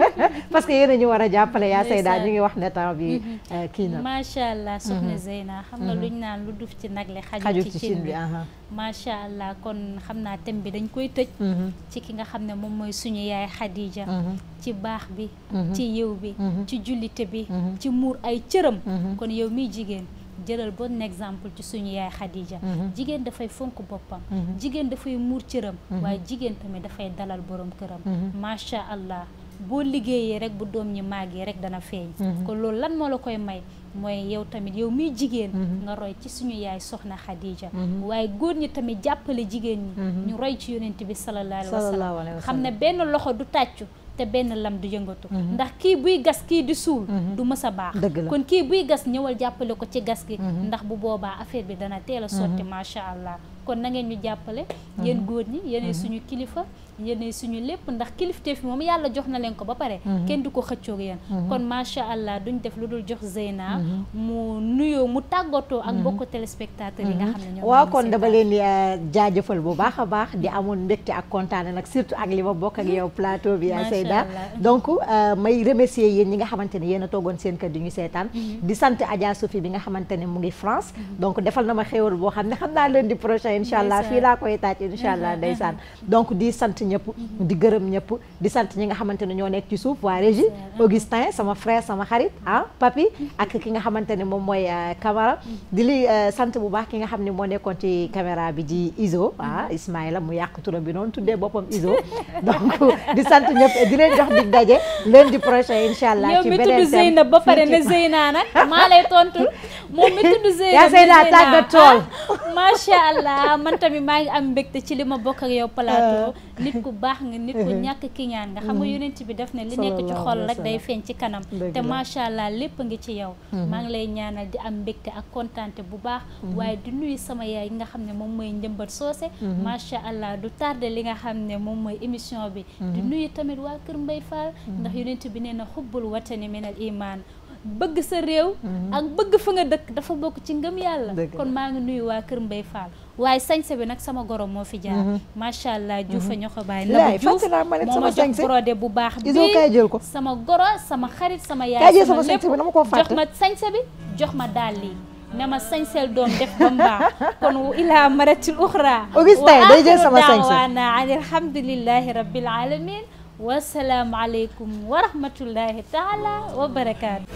parce que yéen a ñu war a jàppale yaa Seyda ñu ngi wax ne temps bi mm-hmm. euh, kii na macha allah soxna mm-hmm. Zeyna xam mm-hmm. lu ñu naan lu duf ci nag li xajul ci cin bi macha allah kon xam naa thème bi dañ koy tëj ci ki nga xam ne moom mooy suñu yaay Khadija ci baax bi ci yiw bi ci jullite bi ci muur ay cëram kon yow miy jigéen jëlal bon exemple ci suñu yaay Khadija. Mhm. jigéen dafay fonk boppam. Mhm. jigéen dafay muur cëram. Mhm. waaye jigéen tamit dafay dalal borom këram. macha allah boo liggéeyee rek bu doom ñi màggee rek dana feeñ. kon loolu lan moo la koy may. mooy yow tamit yow muy jigéen nga roy ci suñu yaay soxna Khadija waaye góor ñi tamit jàppale jigéen ñi ñu roy ci yonent bi sallallahu alayhi wa xam ne benn loxo du tàccu te benn lam du yëngatu mhm. ndax kii buy gas kii di suul mhm. du mës a baax kon kii buy gas ñëwal jàppale ko ci gas gi mhm. ndax bu boobaa affaire bi dana teel a sotti macha allah kon na ngeen ñu jàppale yéen góor ñi yéenay suñu kilifa yéenay suñu lépp ndax fi moom yàlla jox na leen ko ba pare mhm. kenn du ko xëccoog yéen mhm. kon macha allah duñ def lu dul jox Zeyna mhm. mu nuyoo mu tàggatoo ak mbokk téléspectateurs yi nga xam ne ñoom waaw kon dama leen di euh, jaajëfal bu baax a baax di amoon mbégte ak kontaane nag surtout ak li ma bokk ak yow plateau bi yaa Seyda donc euh, may remercier yéen ñi nga xamante ne yéen a toogoon seen kër di ñu seetaan di sant Adja Sophie bi nga xamante ne mu ngi France donc defal na ma xéewal boo xam ne xam naa leen lundi prochain incha allah fii laa koy taaj incha allah ndeysaan donc di sant ñëpp di gërëm ñëpp di sant ñi nga xamante ne ñoo nekk ci suuf waa régie Augustin sama frère sama xarit ah papi ak ki nga xamante ne moom mooy euh, caméra di li euh, sant bu baax ki nga xam ne moo nekkoon ci caméra bi di Iso ah Ismaïla mu yàq turam bi noonu tuddee boppam Iso donc di sant ñëpp di leen jox dig daje lundi prochain incha allah ci beneen yow mi tudd Zeyna ba pare ne Zeyna nag maa lay tontu moom mi tudd Zeyna yaa Zeyna tàggat tool ah, macha allah man tamit maa ngi am mbégte ci li ma bokk ak yow plateau euh, nit ku baax nga nit ku ñàkk kiñaan nga xam nga mm-hmm. yonent bi def na li nekk ci xol rek day feeñ ci kanam te macha allah lépp ngi ci yow mm-hmm. maa ngi lay ñaanal di am mbégte ak kontaante bu baax mm-hmm. waaye di nuyu sama yaay nga xam ne moom mooy njëmbat soose macha allah du tardé li nga xam ne moom mooy émission bi di nuyu tamit waa Kër Mbay Fall ndax yonent bi nee na xubbul watani min al iman bëgg sa réew ak bëgg fa nga dëkk dafa bokk ci ngëm yàlla kon maa ngi nuyu waa Kër Mbay Fall waaye sañse bi nag sama gorom moo fi jaar mhm. macha allah juufa ñoo na juuf moo ma jox brodé bu baax bi kay jël sama goro sama xarit sama yaay sama lépp jox jox ma daal lii ma sañsel doom def ba mbaax kon ilaa maratil uxra Augustin day jël sama sañse wa ana an alhamdulillahi rabbil alamin wasalaamu aleykum taala wa barakaatu